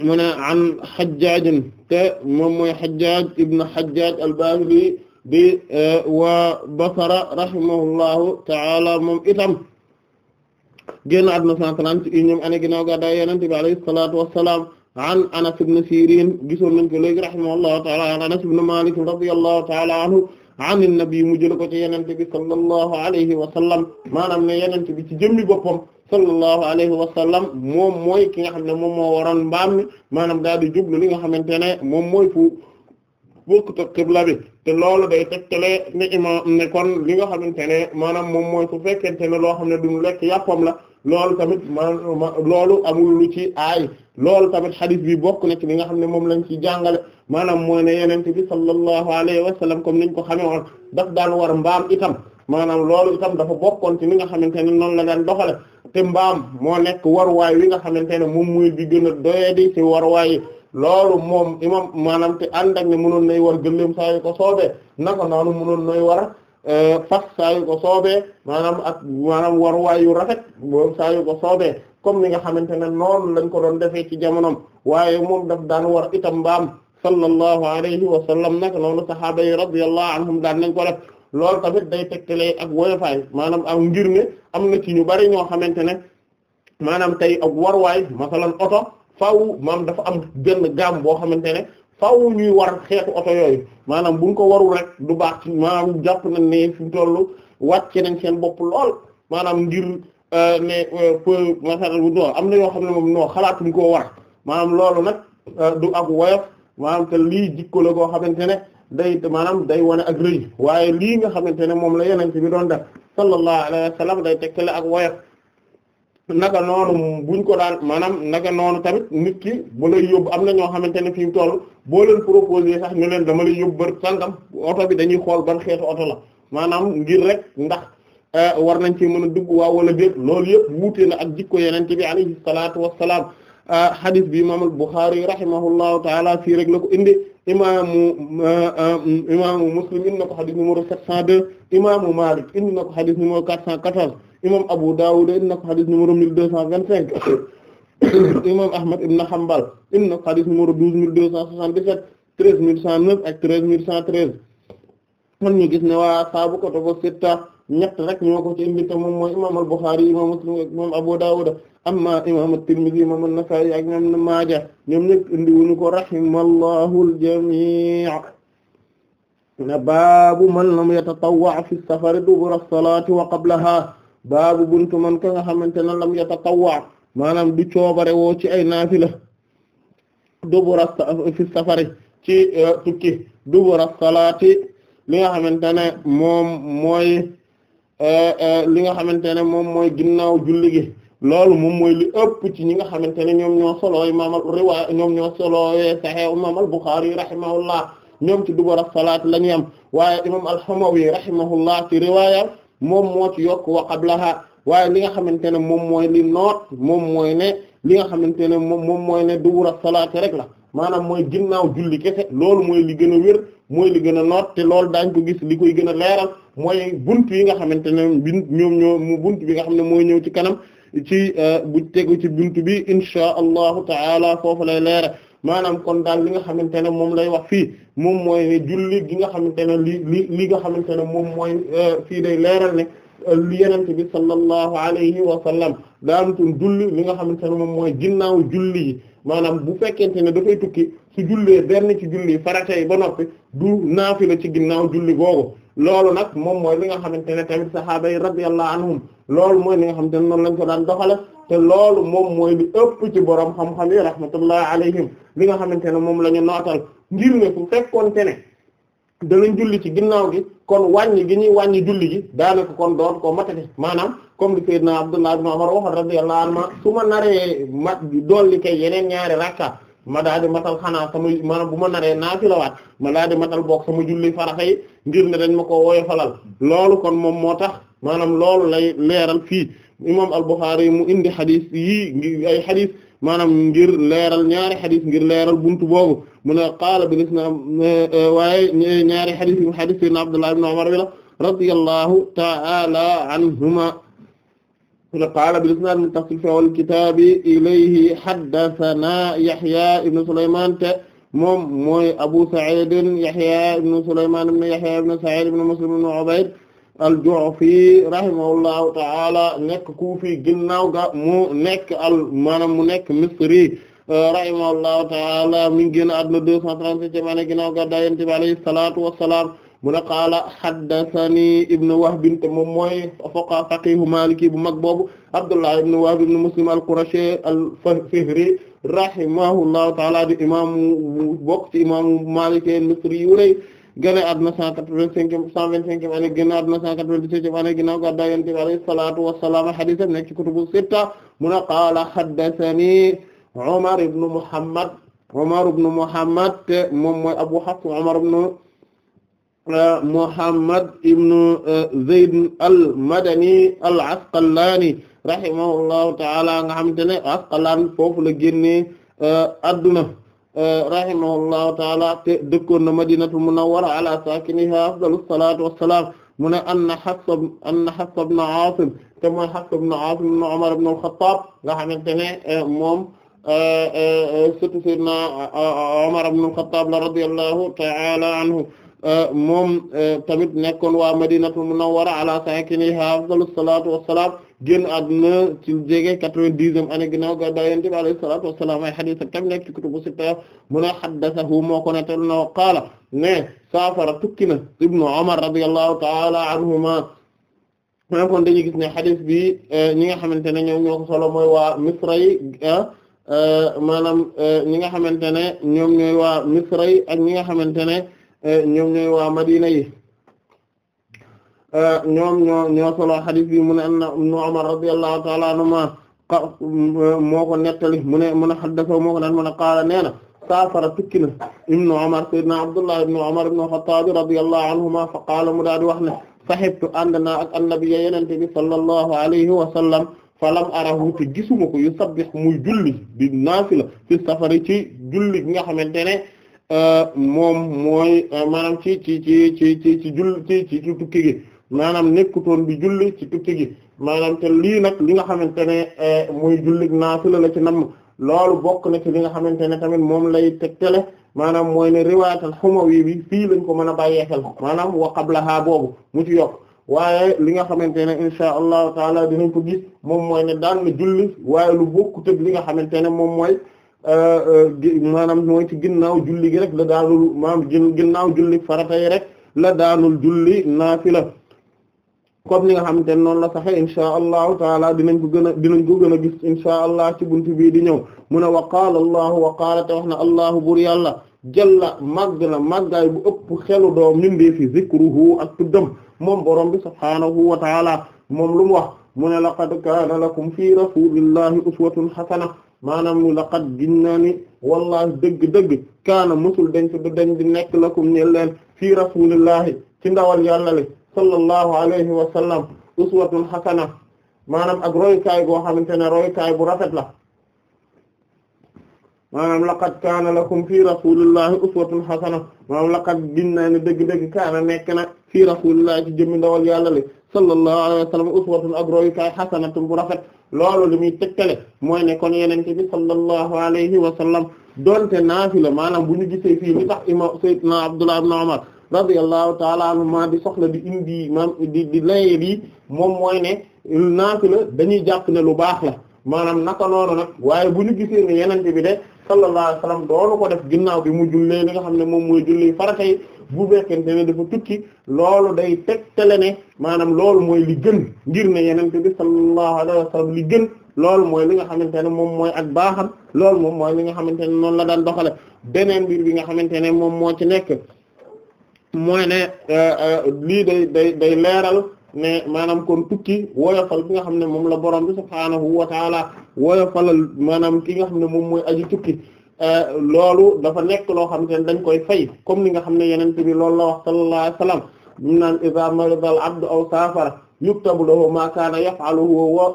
mu ne an Hajjaaj te moom mooy Hajjaaj ibn Hajjaaj al-Bahili bi waa Basra rahimahullahu taala moom itam génn àdduna 130 ci ñoom année ginnaaw gàddaay Yonent bi alayhi salaatu wassalaam an Anas ibn Sirin gisoon nañ ko léegi rahimahullahu ta'ala an Anas ibn Malik radiyallahu ta'ala anhu an an-nabi mu jël ko ci Yonent bi sallallahu alayhi wa sallam maanaam ne Yonent bi ci jëmmi boppam sallallahu alayhi wa sallam moom mooy ki nga xam ne moom moo waroon mbaam mi maanaam daal di jublu li nga xamante ne moom mooy fu bokkut ak xibla bi te loolu day tegtalee ne imaam ne kon li nga xamante ne maanaam moom mooy su fekkente ne loo xam ne du mu lekk yàppam la loolu tamit maanaam loolu amul lu ci aay loolu tamit xadis bi bokk na ci li nga xam ne moom lañ ci jàngale maanaam mooy ne yenente bi sallallahu alayhi wa sallam comme niñ ko xamee woon daf daan war mbaam itam maanaam loolu itam dafa bokkoon ci li nga xamante ne noonu la daan doxale te mbaam moo nekk waruwaay wi nga xamante ne moom muy bi gën a doyadi ci waruwaay yi loolu moom imam maanaam te ànd ak ne mënoon nay war gëléem saa yu ko soobee naka noonu mënoon nay war fas eh, saa yu ko soobee maanaam ak maanaam waruwaay yu rafet moom saa ko soobee comme ni nga xamante ne noonu lañ ko doon defee ci jamonoom waaye moom daf daan war itam mbaam sallallahu alayhi wa sallam nag noonu sahaaba yi radiyallahu anhum daan nañ ko def loolu tamit day tegtale ak woyofaay maanaam am ngir ne am na ci ñu bari ñoo xamante ne maanaam tey ak waruwaay masalan oto faw maam dafa am benn gaam boo xamante ne faaw ñuy war xeetu oto yooyu maanaam buñ ko warul rek du baax ci maanaam jàpp nañ ne fi mu toll wàcce nañ seen bopp lool maanaam ngir euh, ne euh, peu maanaam bu doon am na yoo xam ne moom non xalaatuñ koo war maanaam loolu nag euh, du ak woyof maanaam te lii jikko la koo xamante ne day maanaam day wane ak rëy waaye lii nga xamante ne moom la yeneen bi doon def sallallahu alayhi wa sallam day tekkale ak woyof. naga noonu buñ ko daal maanaam naga noonu tamit nit ki bu lay am na ñoo xamante ne fi mu toll boo leen proposé sax ñu leen dama lay yóbbu bër sangam oto bi dañuy xool ban xeetu oto la maanaam ngir rek ndax euh, war nañ ci mën a dugg waaw wala déet loolu yëpp wuute na ak jikko yeneen bi alayhi salaatu wassalaam euh, hadith bi imaam al-Bukhari rahimahullahu taala fii rek la ko indi imaamu euh, imaamu Muslim indi na ko hadith numéro 702 imaamu Maalik indi na ko hadith numéro imam Abu Dawud in na ko xadis numéro mille deux cent vingt cinq (coughs) imam Ahmad ibn Hanbal in na ko xadis numéro mille deux cent soixante dix sept mille cent neuf ak treize mille cent treize man ñu gis ne waa saabu ko tobo sitta ñett rek ñoo ko ci indi te moom mooy imam al-Bukhari imam Muslim ak imam Abu Dawud amma imam at-Tirmidhi imam an-Nasa'i ak imam Ibn Maaja ñoom ñëpp indi ko rahimallahu al-jami' na baabu man lam yatatawwa fi as-safari dubura as-salati wa qablaha baabu buntu man ka nga xamante ne lam yatatawwa maanaam du coobare woo ci ay naafila dubura fi safari ci euh, tukki dubura salaati li nga xamante ne moom mooy euh, euh, li nga xamante ne moom mooy ginnaaw julli gi loolu moom mooy li ëpp ci ñi nga xamante ne ñoom ñoo solo imam riwaaya ñoom ñoo solowee Sahih imam al-Bukhari rahimahullah ñoom ci dubura salaati la ñuy am waaye imam al-Hamawi rahimahullah ci riwaaya moom moo ci yokk wa qablaha waaye li nga xamante ne moom mooy li noot moom mooy ne li nga xamante ne moom moom mooy ne dubura salaat rek la maanaam mooy ginnaaw julli kese loolu mooy li gën a wér mooy li gën a noot te loolu daañ ko gis li koy gën a leeral mooy buntu yi nga xamante ne bin ñoom ñoo mu buntu bi nga xam ne mooy ñëw ci kanam ci euh, bu tegu ci buntu bi insha allahu taala foofu lay leeral maanaam kon daal li nga xamante ne moom lay wax fii moom mooy ne julli gi nga xamante ne li li li nga xamante ne moom mooy euh, fii day leeral ne euh, yenent bi sallallahu alayhi wa sallam daanutun julli li nga xamante ne moom mooy ginnaaw julli yi maanaam bu fekkente ne dafay tukki su jullee benn ci julli farata yi ba noppi du naafila ci ginnaaw julli googu loolu nag moom mooy li nga xamante ne tamit sahaaba yi radiyallahu anhum loolu mooy li nga xamante ne noonu lañ ko daan doxale te loolu moom mooy li ëpp ci borom xam-xam yi rahmatullahi alayhim nga xamante ne moom lañu ñu nootal ngir ne fu fekkoonte ne danañ julli ci ginnaaw gi kon wàññi gi ñuy wàññi julli gi daanaka kon doon ko matati maanaam comme di li naa Abdullah ibn Umar wax radiyallahu anhu su ma naree mat dolli kay yeneen ñaari rakka ma daa di matal xanaa sama maanaam bu ma naree naafilawaat ma daa di matal boog sama julli farata yi ngir ne dañ ma ko woyofalal loolu kon moom moo tax maanaam loolu lay leeral fii imam al-Bukhari mu indi xadis yi ngi ay maanaam ngir leeral ñaari xadis ngir leeral buntu boobu mu ne qaala bilis na waaye ñaari xadis yi xadis sayyidina Abdullah ibn Umar bi la anhuma mun qaala bil isnaad muttasil fi awwal kitaabi ilayhi haddasanaa Yahya ibn Sulaymaan te moom mooy Abu Sa'iid Yahya ibn Sulaymaan ibn Yahya ibn Sa'iid ibn Muslim ibn Ubayd al-Ju'fi rahimahullahu ta'ala nekk kuufi ginnaaw ga mu nekk al maanaam mu nekk misri rahimahullahu ta'ala mi ngi génn àdduna 237 maa ginnaaw ga daa yonent bi alayhi salaatu wa salaam mu ne qaala haddathani ibnu Wahb te moom mooy foqa faqihu maliki bu mag boobu Abdullah ibnu Wahb ibnu Muslim al-Qurashi al-Fihri rahimahullahu ta'ala di imaamu bokk ci imaamu Maalik al-Misri yu rëy gane àdduna 185 125 ane gane àdduna 197 ane ginnaaw gàddaay Yonent bi alayhi salaatu wa salaam hadiisam nekk ci kutubu sitta mu ne qaala haddathani Umar ibnu Muhammad Umar ibnu Muhammad moom mooy Abu Hafs Umar ibnu Muhammad ibnu eh, Zayd al-Madani al-Asqalani rahimahullahu ta'ala nga xamante ne Asqalaan foofu la génnee eh, adduna eh, rahimahullahu ta'ala te dëkkoon na Madinatu Munawwara ala saakinihaa afdalu salaatu wa salaam mu ne anna Hafsa anna Hafsa ibn Aasim te mooy Hafsa ibn Aasim ibn Umar ibn al-Khattab nga xamante ne moom surtout Seydina Umar ibn al-Khattab la radiyallahu ta'ala anhu Euh, moom euh, tamit nekkoon waa madinatul munawwara ala sakiniha afdalu salaatu wassalaam génn àdduna ci jege quatre-vingt-dixième année ginnaaw gàddaay Yonent bi alayhi salaatu wassalaam ay hadiis tam nekk ci kutubu sitta mu ne haddathahu moo ko nettal no qaala ne saafara tukki na ibnu Umar radiyallahu ta'ala anhuma ma kon dañuy gis ne hadiis bi euh, ñi nga xamante ne ñoom ñoo mooy waa Misra yi ah, ñi nga xamante ne ñoom waa Misra yi ak ñi nga xamante ne Eh, ñoom ñooy waa Madina yi eh, ñoom ñoo ñoo solo xadis bi anna ibn Umar radiyallahu ta'ala anhuma moo ko nettali mu ne mu ne xaddasa moo ko daan mu ne qaala nee saafara tukki ibn Umar sayyidina Abdullah ibn Umar ibn Khattab radiyallahu anhuma fa qaala mu daal di wax ne sahibtu ànd naa ak annabi yenente bi sallallahu alayhi wa sallam falam arahu te gisuma ko yusabbih muy julli di naafila fi safari ci julli bi ne Euh, moom mooy euh, maanaam ci ci ci ci ci ci jull ci ci tukki gi maanaam nekkutoon bi julli ci tukki gi maanaam te lii nag li nga xamante ne euh, muy julli naafila la ci namm loolu bokk na ci li nga xamante ne tamit moom lay tegtale maanaam mooy ne riwaayatul Xumawi bi fii lañ ko mën a bàyyee xel maanaam wa qablaha boobu mu ci yokk waaye li nga xamante ne insha allahu taala dinañ ko gis moom mooy ne daan na julli waaye lu bokkut ak li nga xamante ne moom mooy Euh, euh, maanaam mooy ci ginnaaw julli gi rek la daanul maanaam ginnaaw julli farata yi rek la daanul julli naafila comme ni nga xamante ne noonu la saxee insha allahu taala dinañ ko gën a dinañ ko a gis insha allah ci buntu bii di ñëw mu ne wa qaala allahu wa te wax na allahu buur yàlla jalla màgg na màggaay bu ëpp xelu doom mindee fi zikruhu ak tuddam moom borom bi subhaanahu wa taala moom lu mu wax mu ne laqad kaana lakum fi rasulillahi uswatun hasana maanaam laqad ginnaa ni wallaahi dëgg-dëgg kaana musul dañ du dañ di nekk lakum ñe leen fii rasulillahi ci ndawal yàlla le sallallahu alayhi wa sallam uswatun hasana maanaam ak roykaay goo xamante ne roykaay bu rafet la maanaam laqad kaana lakum fii rasulillahi uswatun hasana maanaam laqad ginnaa ni dëgg-dëgg kaana nekk na fii rasulillahi ci jëmmi ndawal yàlla le sallallahu alayhi wa sallam uswatun ak royukaay xasanatun bu rafet loolu lu muy tëkkale mooy ne kon yenente bi sallallahu alayhi wa sallam donte naafila maanaam bu ñu gisee fii li tax imam sayyidna Abdullah ibn Umar radiyallahu taala anhuma di soxla di indi mam di layee yi moom mooy ne naafila dañuy jàpp ne lu baax la maanaam naka noonu nag waaye bu ñu gisee ne yenente bi de sallallahu alayhi wa sallam doonu ko def ginnaaw bi mu jullee li xam ne moom mu julli bu fekkente ne dafa tukki loolu day tegtale ne maanaam loolu mooy li gën ngir ne yenente bi sallallahu alayhi wa sallam li gën loolu mooy li nga xamante ne moom mooy ak baaxam loolu moom mooy li nga xamante ne noonu la daan doxale beneen mbir bi nga xamante ne moom moo ci nekk mooy ne euh, euh, lii day day day leeral ne maanaam kon tukki woyofal bi nga xam ne moom la borom bi subhaanahu wa taala woyofalal maanaam ki nga xam ne moom mooy aji tukki Euh, loolu dafa nekk loo xam ne dañ koy fay comme ni nga xam ne yeneen bi loolu la wax sallallahu alayhi wasallam ñu naan iza marida al abdu aw safara yuktabu lahu ma kaana yaf'aluhu wa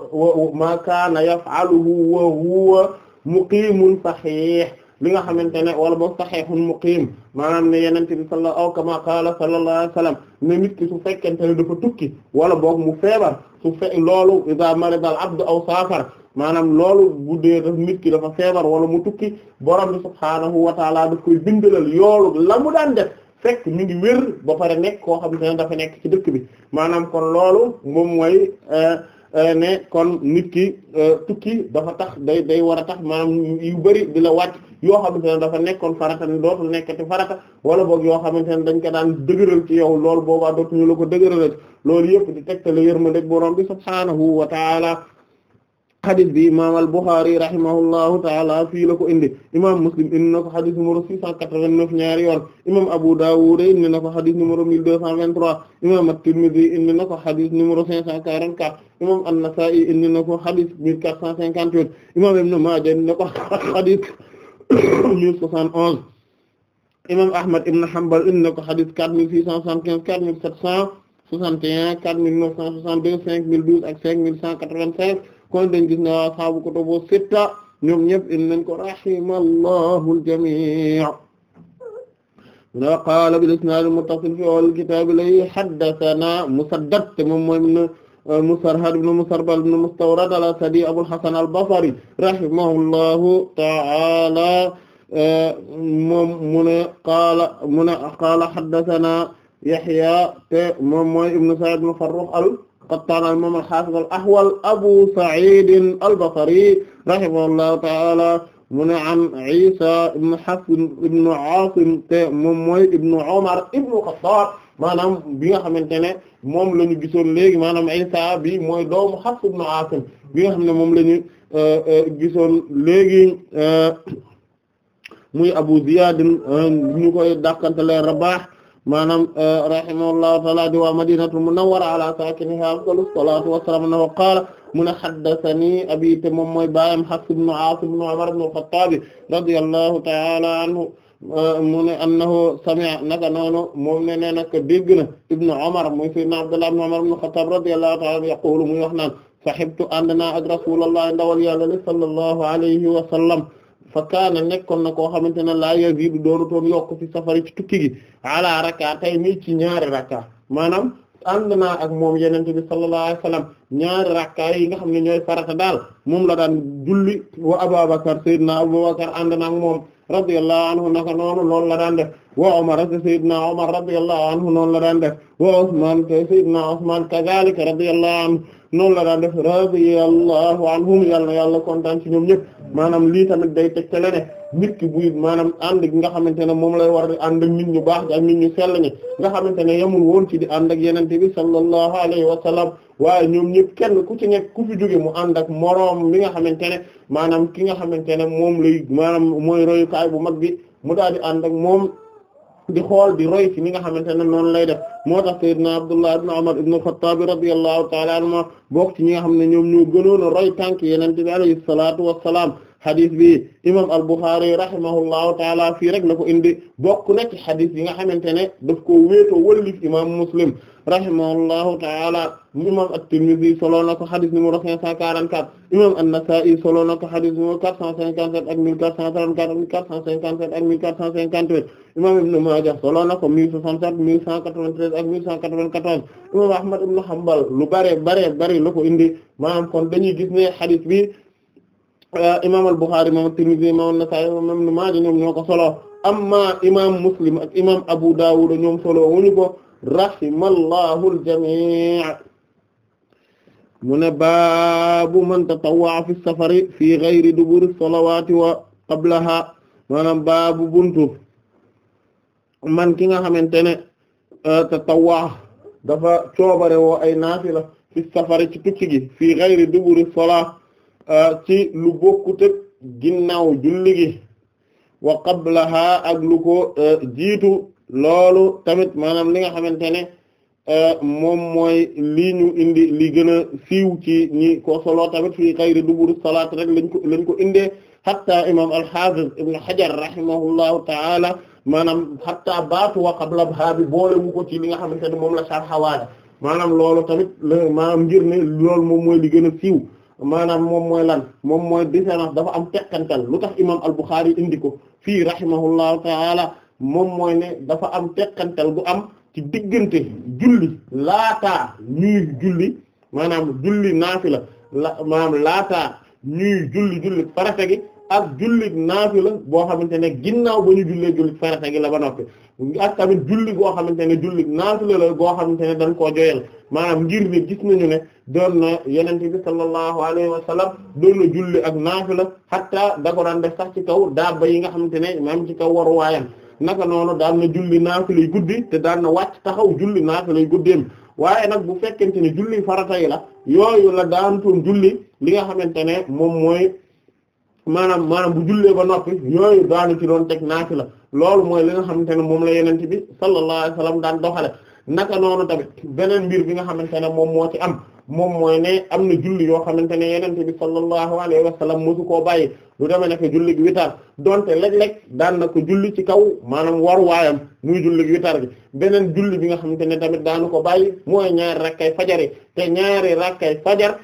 ma kaana yaf'aluhu wa huwa muqimun sahih li nga xamante ne wala boog sahihun muqiim maanaam ne yenente bi sala aw kama qaala sallallahu alayhi wa sallam ne nit ki su fekkente ne dafa tukki wala boog mu feebar su fe loolu iza marida al abdu aw safara maanaam loolu guddee daf nit ki dafa feebar wala mu tukki borom bi subhaanahu wa taala daf koy bindalal yoolu la mu daan def fekk mi ngi wér ba pare nekk xam ne dafa nekk ci dëkk bi maanaam kon loolu moom mooy eh, eh, ne kon nit ki eh, tukki dafa tax day day war a tax maanaam yu di la wàcc yoo xamante ne dafa nekkoon farata ni dootul nekkati farata wala boog yoo xamante ne dañ ko daan dëgëral ci yow loolu boobaa dootuñu la ko dëgëralati loolu yëpp di tegtale yërmande borom bi subhaanahu wa taala xadis bi imaam al Buxaari rahimahullahu taala fii la ko indi imaam Muslim indi na ko xadis numéro 689 ñaari yoon imaam Abu Dawud indi na ko xadis numéro 1223 imaam at-Tirmidhi indi na ko xadis numéro 544 imaam an-Nasa'i indi na ko xadis 1458 imaam Ibn Maaja indi na ko xadis 1071 imaam Ahmad ibn Hanbal indi na ko xadis 4675 4761 4962 5012 ak 5185 kon dañ gis ne ashaabu kutubu sitta ñoom ñëpp in nañ ko rahimallahu al-jamii' qaala bil-isnaad al-muttasil fi awwal al-kitaab li haddathanaa Musaddad moom mooy ibn uh, Musarhad ibn Musarbal ibn Mustawrad al-Asadi Abul Hasan al-Basri rahimahullahu ta'aala uh, moom mu ne qaala mu ne qaala haddathanaa Yahya te moom mooy ibn Sa'id ibn Farrukh al Qattaan al-imaam al-haafiz al-ahwal Abu Sa'iid al-Basri rahimahullahu ta'aala mu ne an Isa ibn Hafs ibn Aasim te moom mooy ibn Umar ibn Xattaab maanaam bi nga xamante ne moom la ñu gisoon léegi maanaam Isa bi mooy doomu Hafs ibn Aasim bi nga xam ne moom la ñu euh, euh, gisoon léegi euh, muy Abu Ziyaad ñu koy dàkkanteel Rabaah maanaam eh, rahimahullahu taala di waa madinatul munawwara ala saakinihaa afdalu salaatu wassalaam annahu qaala mu ne haddathanii abii te moom mooy baayam Hafs ibn Aas ibn Umar ibn al-Khattaab radiyallahu taala anhu eh, mu ne annahu sami'a naka noonu moom ne ne nag dégg na ibnu Umar muy sayyidina Abdullah ibn Umar ibn al-Khattaab radiyallahu taala anhu yaqulu muy wax naan sahibtu ànd naa ak rasuulullahi ndawal yàlla sallallahu alayhi wa sallam fa kaana nekkoon na koo xamante ne laa yaziidu doonutoon yokk fi safari ci tukki gi ala rakka tey nii ci ñaari rakka maanaam ànd na ak moom yenente bi sallallahu alayhi wasallam ñaari rakka yi nga xam ne ñooy farata daal moom la daan julli wa abubakar sayyidina abubakar ànd naa ak moom radiyallahu anhu naka noonu loolu la daan def wa umar te sayyidina umar radiyallahu anhu noonu la daan def wa usman te sayyidina usman kadhalika radiyallahu anhu noonu la daan def radiyallahu anhum yàlla na yàlla kontaan ci ñoom ñëpp maanaam lii tamit day tegtale ne nit ki buy maanaam ànd gi nga xamante ne moom lay war di ànd ak nit ñu baax ak nit ñu sell ñi nga xamante ne woon ci di ànd ak yenente bi sallallahu alayhi wa sallam waaye ñoom ñëpp kenn ku ci nekk ku fi jóge mu ànd ak moroom mi nga xamante ne maanaam ki nga xamante ne moom lay maanaam mooy royukaay bu mag bi mu daal di ànd ak moom di xool di roy ci ni nga xamante ne noonu lay def moo tax sayyidna Abdullah ibn Umar ibn al-Khattab radiyallahu ta'ala anhuma bokk ci ñi nga xam ne ñoom ñoo gënoon a roy tànk yenente bi alayhi salaatu wassalaam xadis bi imam al-Bukhari rahimahullahu taala fii rek la ko indi bokk na ci xadis yi nga xamante ne daf ko wéetoo wëllif imam Muslim rahimahullahu taala imam at-Tirmidhi solo na ko xadis numéro 544 imam an-Nasa'i solo na ko xadis numéro 457 ak 1434 ak 1457 ak 1458 imam Ibn Majah solo na ko 1067 1193 ak 1194 imam Ahmad ibn Hanbal lu bare bare bari la ko indi maanaam kon dañuy gis ne xadis bi Euh, imam al-Bukhari imam at-Tirmidhi imam an-Nasa'i imam Ibn Maaja ñoom ñoo ko solo amma imam Muslim ak imam Abu Dawud ñoom solo wuñu ko rahimallahu al-jami' mu ne baabu man tatawwa fi safari fi ghayri duburi salawati wa qablaha maanaam baabu buntu man ki nga xamante ne euh, tatawwa dafa coobare woo ay naafila fi safari ci tukki gi fi ghayri duburi salat ci lu bokkut ak ginnaaw julli gi wa qablaha ak lu ko e, jiitu loolu tamit maanaam li nga xamante ne e, moom mooy lii ñu indi li gën a siiw ci ñi ko tamit fii xayri duburu salaat rek lañ ko lañ ko indee hatta imam al-Hafiz ibn Hajar rahimahullahu ta'ala maanaam hatta baatu wa qablaha bi boole mu ko ci li nga xamante ne moom la sarxawaaji maanaam loolu tamit maanaam ngir ne loolu moom mooy li gën a siiw maanaam moom mooy lan moom mooy différence dafa am tekkantal lu tax imam al-Bukhari indi ko fii rahimahullahu taala moom mooy ne dafa am tekkantal bu am ci diggante julli laata ñuy julli maanaam julli naafila la laata laataa ñuy julli julli farata ak jullit naafila boo xamante ne ginnaaw ba ñu jullee jullit farata gi la ba noppi ak tamit julli goo xamante ne jullit naafila la goo xamante ne dañ koo joyal maanaam ngir ne gis nañu ne doon na yonent bi sallallahu alayhi wa sallam doon na julli ak naafila hatta da ko daan def sax ci kaw daaba yi nga xamante ne maam ci kaw waru naka noonu daan na julli naafilay guddi te daan na wàcc taxaw julli naafilay guddeem waaye nag bu fekkente ne julli farata yi la yooyu li nga xamante ne moom mooy maanaam maanaam bu jullee ba noppi yooyu daanu ci doon teg naafila loolu mooy li nga xamante ne moom la yenente bi sallallahu alayhi wasallam daan doxale naka noonu tamit beneen mbir bi nga xamante ne moom moo ci am moom mooy ne am na julli yoo xamante ne yenente bi sallallahu alayhi wasallam mosu koo bàyyi lu demee nekk jullig witar donte léeg-léeg daan na ko julli ci kaw maanaam war waayam muy jullig witar bi beneen julli bi nga xam ne tamit daanu ko bàyyi mooy ñaari rakkay fajar yi te ñaari rakkay fajar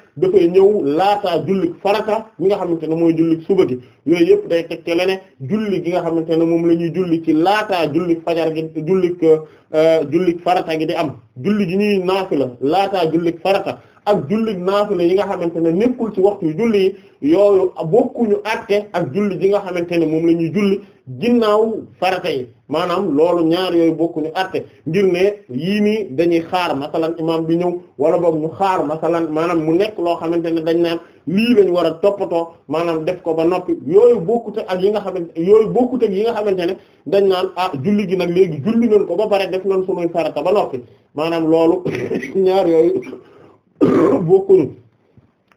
laataa jullig farata mi nga xamante ne mooy jullig suba gi yooyu yëpp day teg ci leneen julli gi nga xamante ne moom la ñuy julli ci laataa jullig fajar gi jullig euh, jullig farata gi di am julli gi ñuy naafila laataa jullig farata ak julli naafila yi nga xamante ne nekkul ci waxtu julli yi yooyu bokkuñu àtte ak julli ji nga xamante ne moom la ñuy ginnaaw farata yi maanaam loolu ñaar yooyu bokkuñu àtte ngir ne yii nii dañuy xaar masalan imaam bi ñëw wala boog ñu xaar masalan maanaam mu nekk loo xamante ne dañ naan lii lañ war a toppatoo maanaam def ko ba noppi yooyu bokkute ak yi nga xamante yooyu bokkute yi nga xamante ne dañ naan ah julli gi nag léegi julli nañ ko ba pare def nañ sunuy farata ba noppi maanaam loolu (laughs) ñaar yooyu bokkunu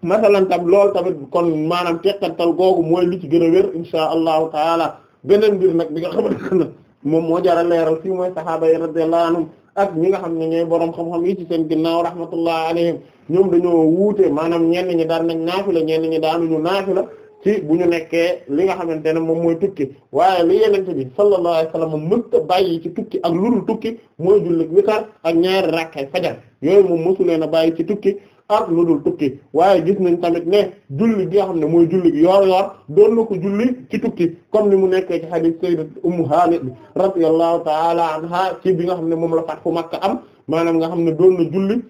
masalan tam loolu tamit kon maanaam tekkatal googu mooy li ci gën a wér insha allahu taala beneen mbir nag bi nga xamante ne moom moo jara leeral fii mooy sahaaba yi radiyallahu anhum ak ñi nga xam ne ñooy boroom xam-xam yi ci seen ginnaaw rahmatullah alayhim ñoom dañoo wuute maanaam ñenn ñi daan nañ naafila ñenn ñi daanuñu naafila ci bu ñu nekkee li nga xamante ne moom mooy tukki waaye li yenente bi sallallahu alayhi wasallam moom mënta bàyyi ci tukki ak lurul tukki mooy jullit witar ak ñaari rakkay fajar yooyu moom mosuleen a bàyyi ci tukki ak lu dul tukki waaye gis nañ tamit ne julli gi nga xam ne mooy julli gi yor yor doon na ko julli ci tukki comme ni mu nekkee ci hadith sayyidat ummu Haani radiyallahu ta'ala anha ci bi nga xam ne moom la fat fu Makka am maanaam nga xam ne doon na julli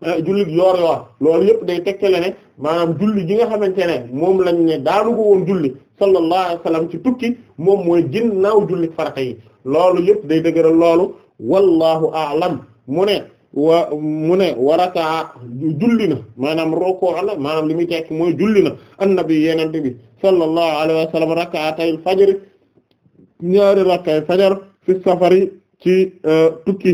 Eh, jullit yor-yor loolu yëpp day tegtale ne maanaam julli gi nga xamante ne moom lañ ne daanu ko woon julli sallallahu wa sallam ci tukki moom mooy ginnaaw julli farata yi loolu yépp day dëgëral loolu wallahu a'lam mu ne wa mu ne waraka maanaam roko la maanaam li muy tekk mooy julli na annabi yeneen bi sallallahu alayhi wa sallam rak'atayil fajr ñaari rakkay fajar fi safari ci eh, tukki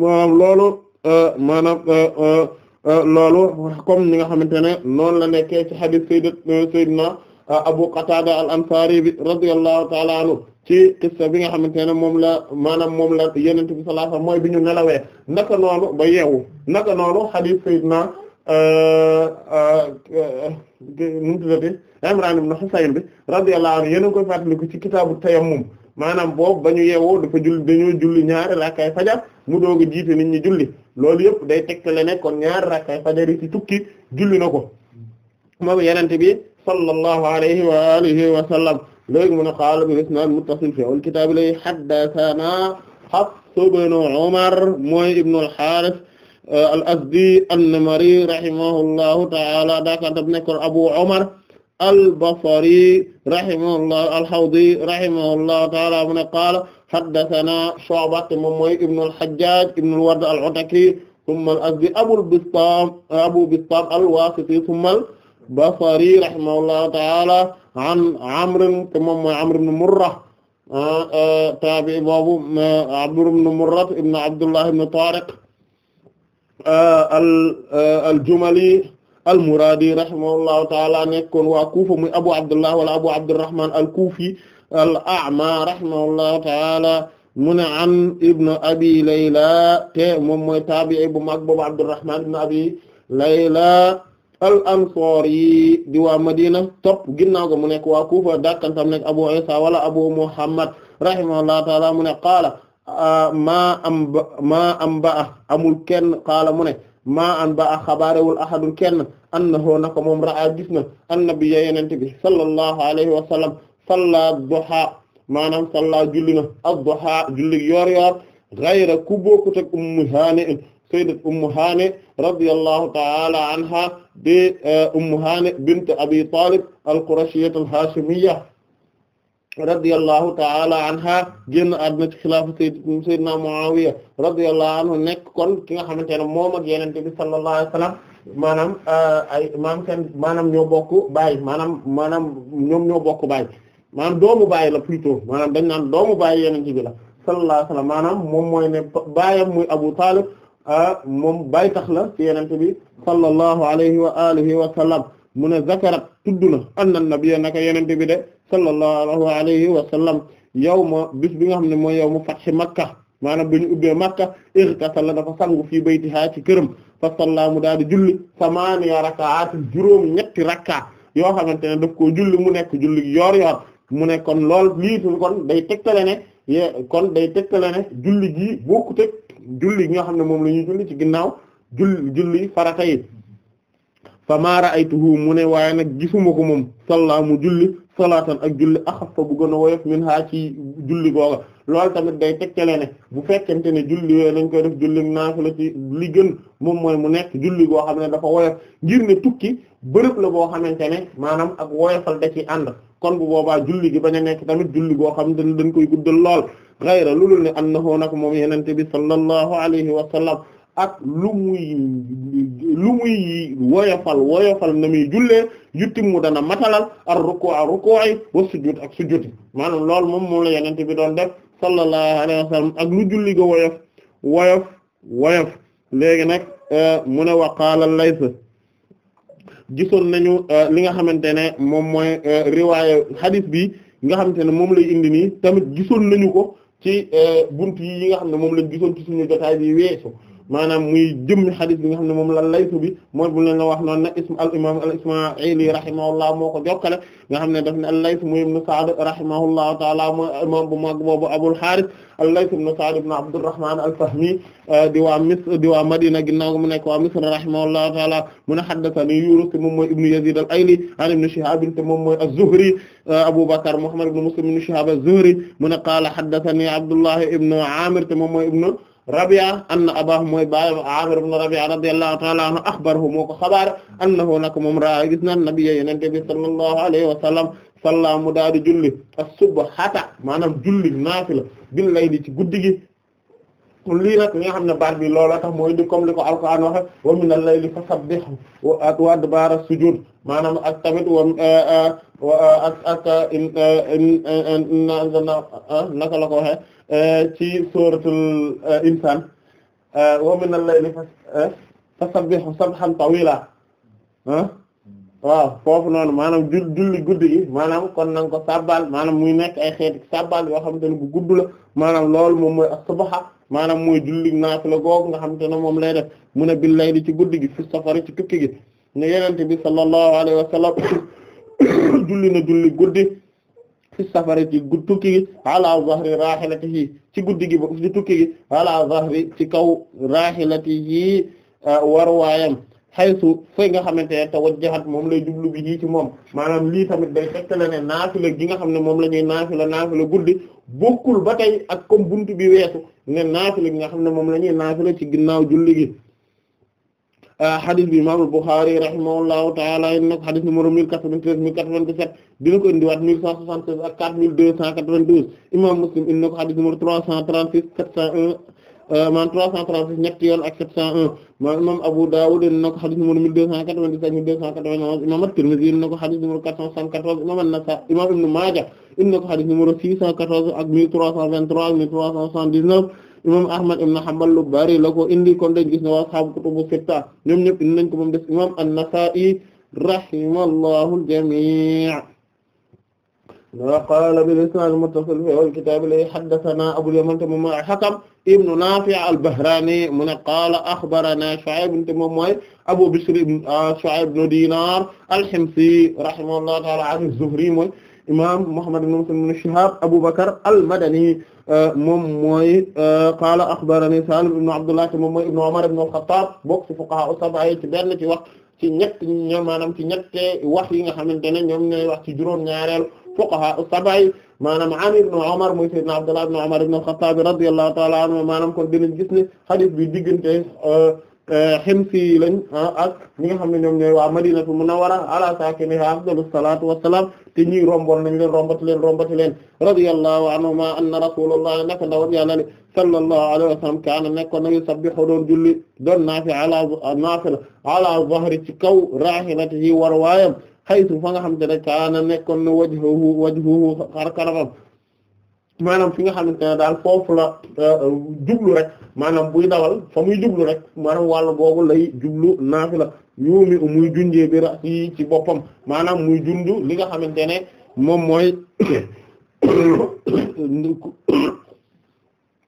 maanaam loolu. Euh, maanaam euh, euh, loolu comme ni nga xamante ne noonu la nekkee ci hadith sayyidat sayyidina Abu Qatada al-Ansari bi radiyallahu ta'ala anhu ci qissa bi nga xamante ne moom la maanaam moom la Yonent bi sallallahu mooy bi ñu ngelawee naka noonu ba yeewu naka noonu hadith sayyidina nu mu tuddati Imran ibn bi radiyallahu anhu yéen a ngi koy fàttaliku ci kitaabu tayammum maanaam boobu ba ñu yeewoo dafa julli dañoo julli ñaari raakaay fajar mu doog a jiite nit ñi julli loolu yëpp day tegtale ne kon ñaari rakkay fajar yi ci tukki julli na ko moom yenente sallallahu alayhi wa alihi wa sallam léegi mu ne qaala bil isnaad muttasil fi al kitaab lay haddathana Hafs ibn mooy ibn al Harith eh, al Azdi an-Namari rahimahullahu ta'ala daakantab nekkoon Abu Umar al Basri rahimahullah al Hawdi rahimahullahu ta'ala mu ne qaala haddathana Shu'ba moom mooy ibnu al-Hajjaj ibnu al-Ward al-Ataki thumma al-Azdi Abul Bistam Abu Bistam al-Wasiti thumma al-Basri rahimahullahu ta'ala an Amr moom mooy Amr ibn Murrah taabi boobu Amr ibn Murrah ibn Abdullah ibn Tariq al-Jumali al-Muradi rahimahullahu ta'ala nekkoon waa Kufa muy Abu Abdullah wala Abu Abdurrahman al-Kufi al-A'ma rahimahullahu ta'ala mu ne an ibn abi layla te moom mooy taabi'i bu mag boobu Abdurrahman ibn abi layla al-Ansari di waa Madina topp ginnaaw ga mu nekk waa Kufa dakkantam nekk Abu Isa wala Abu Muhammad rahimahullahu ta'ala mu ne qaala ma am ma am ba amul kenn qaala mu ne ma an ba a xabaarewul ahadun kenn annahu naka moom ra'a gis na annabi yenente bi sallallahu alayhi wa sallam salla duha maanaam salla julli na ad-duha julli yor yor ghayra ku bokkut ak ummu haani sayyidat ummu haani radiyallahu ta'ala anha de eh, ummu haani bint abi talib al-qurashiyyah al-hashimiyyah radiyallahu ta'ala anha génn àdduna ci xilaafa sayyidina muawiya radiyallahu anhu nekk kon ki nga xamante ne moom ak yonent bi sallallahu alayhi wasallam maanaam eh, ay maam seen maanaam ñoo bokk baay maanaam maanaam ñoom ñoo bokk baay maanaam doomu baay la plutôt maanaam dañ naan doomu baay yeneen ci bi la sallallahu alayhi maanaam moom mooy ne baayam muy Abu Talib moom baay tax la ci yeneen bi sallallahu alayhi wa alihi wa sallam mu ne zakarat tudd na anna nabiyya naka yeneen bi de sallallahu alayhi wa sallam yawma bis bi nga xam ne mooy yawmu fathi Makka maanaam bi ñu ubbee Makka irtasala dafa sangu fii baytihaa ci këram fa salla mu daal di julli samaaniya raka'aat juróom ñetti rakka yoo xamante ne daf koo julli mu nekk julli gi yor mu ne kon lool liitu kon day tegtale ne kon day tegtale julli gii bokkut ak julli nga xam ne moom lañu ñuy julli ci ginnaaw julli julli farata yi fa maa ra'aytuhu mu ne waaye nag gisuma ko moom salla mu julli salaatan ak julli axaffa bu gën a woyof min haa ci julli googa loolu tamit day tegtale ne bu fekkente ne julli yooyu lañ koy def julli naafila ci li gën moom mooy mu nekk julli goo xam ne dafa woyof ngir ne tukki bërëb la boo xamante ne maanaam ak woyofal da ci ànd kon bu boobaa julli gi bañ a nekk tamit julli goo xam ne dañ koy guddal lool gayra lulul ne annahu nag moom yenente bi sallallahu alayhi wa ak lu muy lu muy woyofal woyofal na muy jullee yuttim dana matalal ar ruku' ar maanaam loolu moom moom la yenente bi doon def sallallahu alayhi wa ak lu julli ga woyof woyof woyof léegi nag euh, mu ne waqaala laysa gisoon nañu euh, li nga xamante ne moom mooy euh, riwaaye hadith bi nga xamante ne moom lay indi nii tamit gisoon nañu ko ci euh, bunt yi nga xam ne moom lañ gisoon ci suñu jotaay bi weesu maanaam muy jëmmi xadis bi nga xam ne moom la laytu bi mooy bu leen la wax noonu na ism al imam al ismaili rahimahullah moo ko jokkale nga xam ne daf ne al laytu muy ibn Sa'd rahimahullahu taala mooy imam bu mag boobu Abul Harith al laytu ibn Sa'd ibn Abdurrahman al Fahmi euh, di waa Misr di waa Madina ginnaaw mu nekk waa Misr rahimahullahu taala mu ne haddathani Yunus te moom mooy ibn Yazid al Ayli an ibn Shihab te moom mooy az-Zuhri euh, Abu Bakr Muhammad ibn Muslim ibn Shihab az-Zuhri mu ne qaala haddathani Abdullah ibn Amir te moom mooy ibn Rabi'a anna abaahu mooy baayam Aamir ibn Rabi'a radiyallahu ta'ala anhu axbarahu moo ko xabaar annahu nak moom raa gis na nabiyya yonent bi sallallahu alayhi wa sallam salla mu daal di julli as-subhata maanaam julli naafila bil layli ci guddi gi. lii nag li nga xam ne baat bi loola tax mooy di comme li ko alquran waxe wa minal layli fasabbih wa adbaara sujud maanaam ak tamit wa ak ak naka la ko waxe e, ci suratul e, insan e, wa min al-layli fasabbihu sabhan tawila waaw foofu noonu maanaam jul julli guddi gi maanaam kon nanga ko sabbal maanaam muy nekk ay xeeti sabbal yoo xamante ne bu gudd la maanaam loolu moom mooy as-subha maanaam mooy julli naafila googu nga xamante ne moom lay def mu ne bil ci guddi gi safari ci tukki gi ne yenente sallallahu alayhi wa (coughs) julli na julli guddi fi safari ci tukki gi ala zahri rahilatihi ci guddi gi ci tukki gi ala zahri ci kaw rahilatihi ah, waruwaayam xaysu fay nga xamante ne tawajjahat moom lay jublu bi yii ci moom maanaam lii tamit day fekk la ne naafila gi nga xam ne moom la ñuy naafila naafila guddi bokkul ba tay ak comme buntu bi weesu ne naafila gi nga xam ne moom la ñuy naafila ci ginnaaw julli gi xadis bi imam al-Bukhari rahimahullahu taala in nako xadis numéro 1093 1097 dina ko indiwaat 1176 ak 4292 imam Muslim in ko xadis numéro 336 401 man 336 ñetti yoon ak 701 imam Abu Dawud in na ko xadis numéro 1297 euh, ak 1291 imam at-Tirmidhi in na ko xadis numéro 474 imam an-Nasa'i imam Ibn Maaja in ko xadis numéro 614 ak imam ahmad ibn hanbal lu bari la ko indi kon dañ gis ne waa ashaabu kutubu sitta ñoom ñëpp indi nañ ko moom des imam an-nasa'i rahimallahu al-jami' wa qaala bil-isnaad al-muttasil fi awwal kitaab li haddathanaa abul yaman te moom mooy al-hakam ibnu naafi' al-bahraani mu ne qaala axbaranaa shu'ayb te moom mooy abu bishr ibn ah, shu'ayb ibn diinaar al-himsi rahimahullahu ta'aala an az-zuhri imam Muhammad ibn Muslim ibn Shihab Abu Bakr al-Madani euh, moom mooy euh, qaala axbarani Salim ibn Abdullah te moom mooy ibn Umar ibn al-Khattab bokk ci fuqaha as-sab'a ci benn ci wax ci ñett ñoom maanaam ci ñette wax yi nga xamante ne ñoom ñooy wax ci juróom-ñaareel fuqaha as-sab'a maanaam an ibn Umar mooy sayyidna Abdullah ibn Umar ibn al-Khattab radiyallahu ta'ala anhu maanaam kon dinañ gis ne hadith bi diggante euh, Euh, ximsi yi lañ ah, ak ñi nga xam ne ñoom ñooy waa madinatu munawwara ala saakiniha afdalu salaatu wassalaam te ñii romboon nañ leen rombati leen rombati leen radiyallahu anhuma anna rasulullah naka ndawat yàlla ne sallallahu alayhi wa sallam kaana nekkoon na yusabbihu doon julli doon naafi ala naafila ala zahri ci kaw raahilatihi war waayam haytu fa nga xam te ne kaana nekkoon na wajhuhu wajhuhu xar kanamam maanaam fi nga xamante ne daal foofu la euh, jublu rek maanaam buy dawal fa muy jublu rek maanaam wàll boobu lay jublu naafila yoomi muy junjee bi yi ci boppam maanaam muy junju li nga xamante ne moom mooy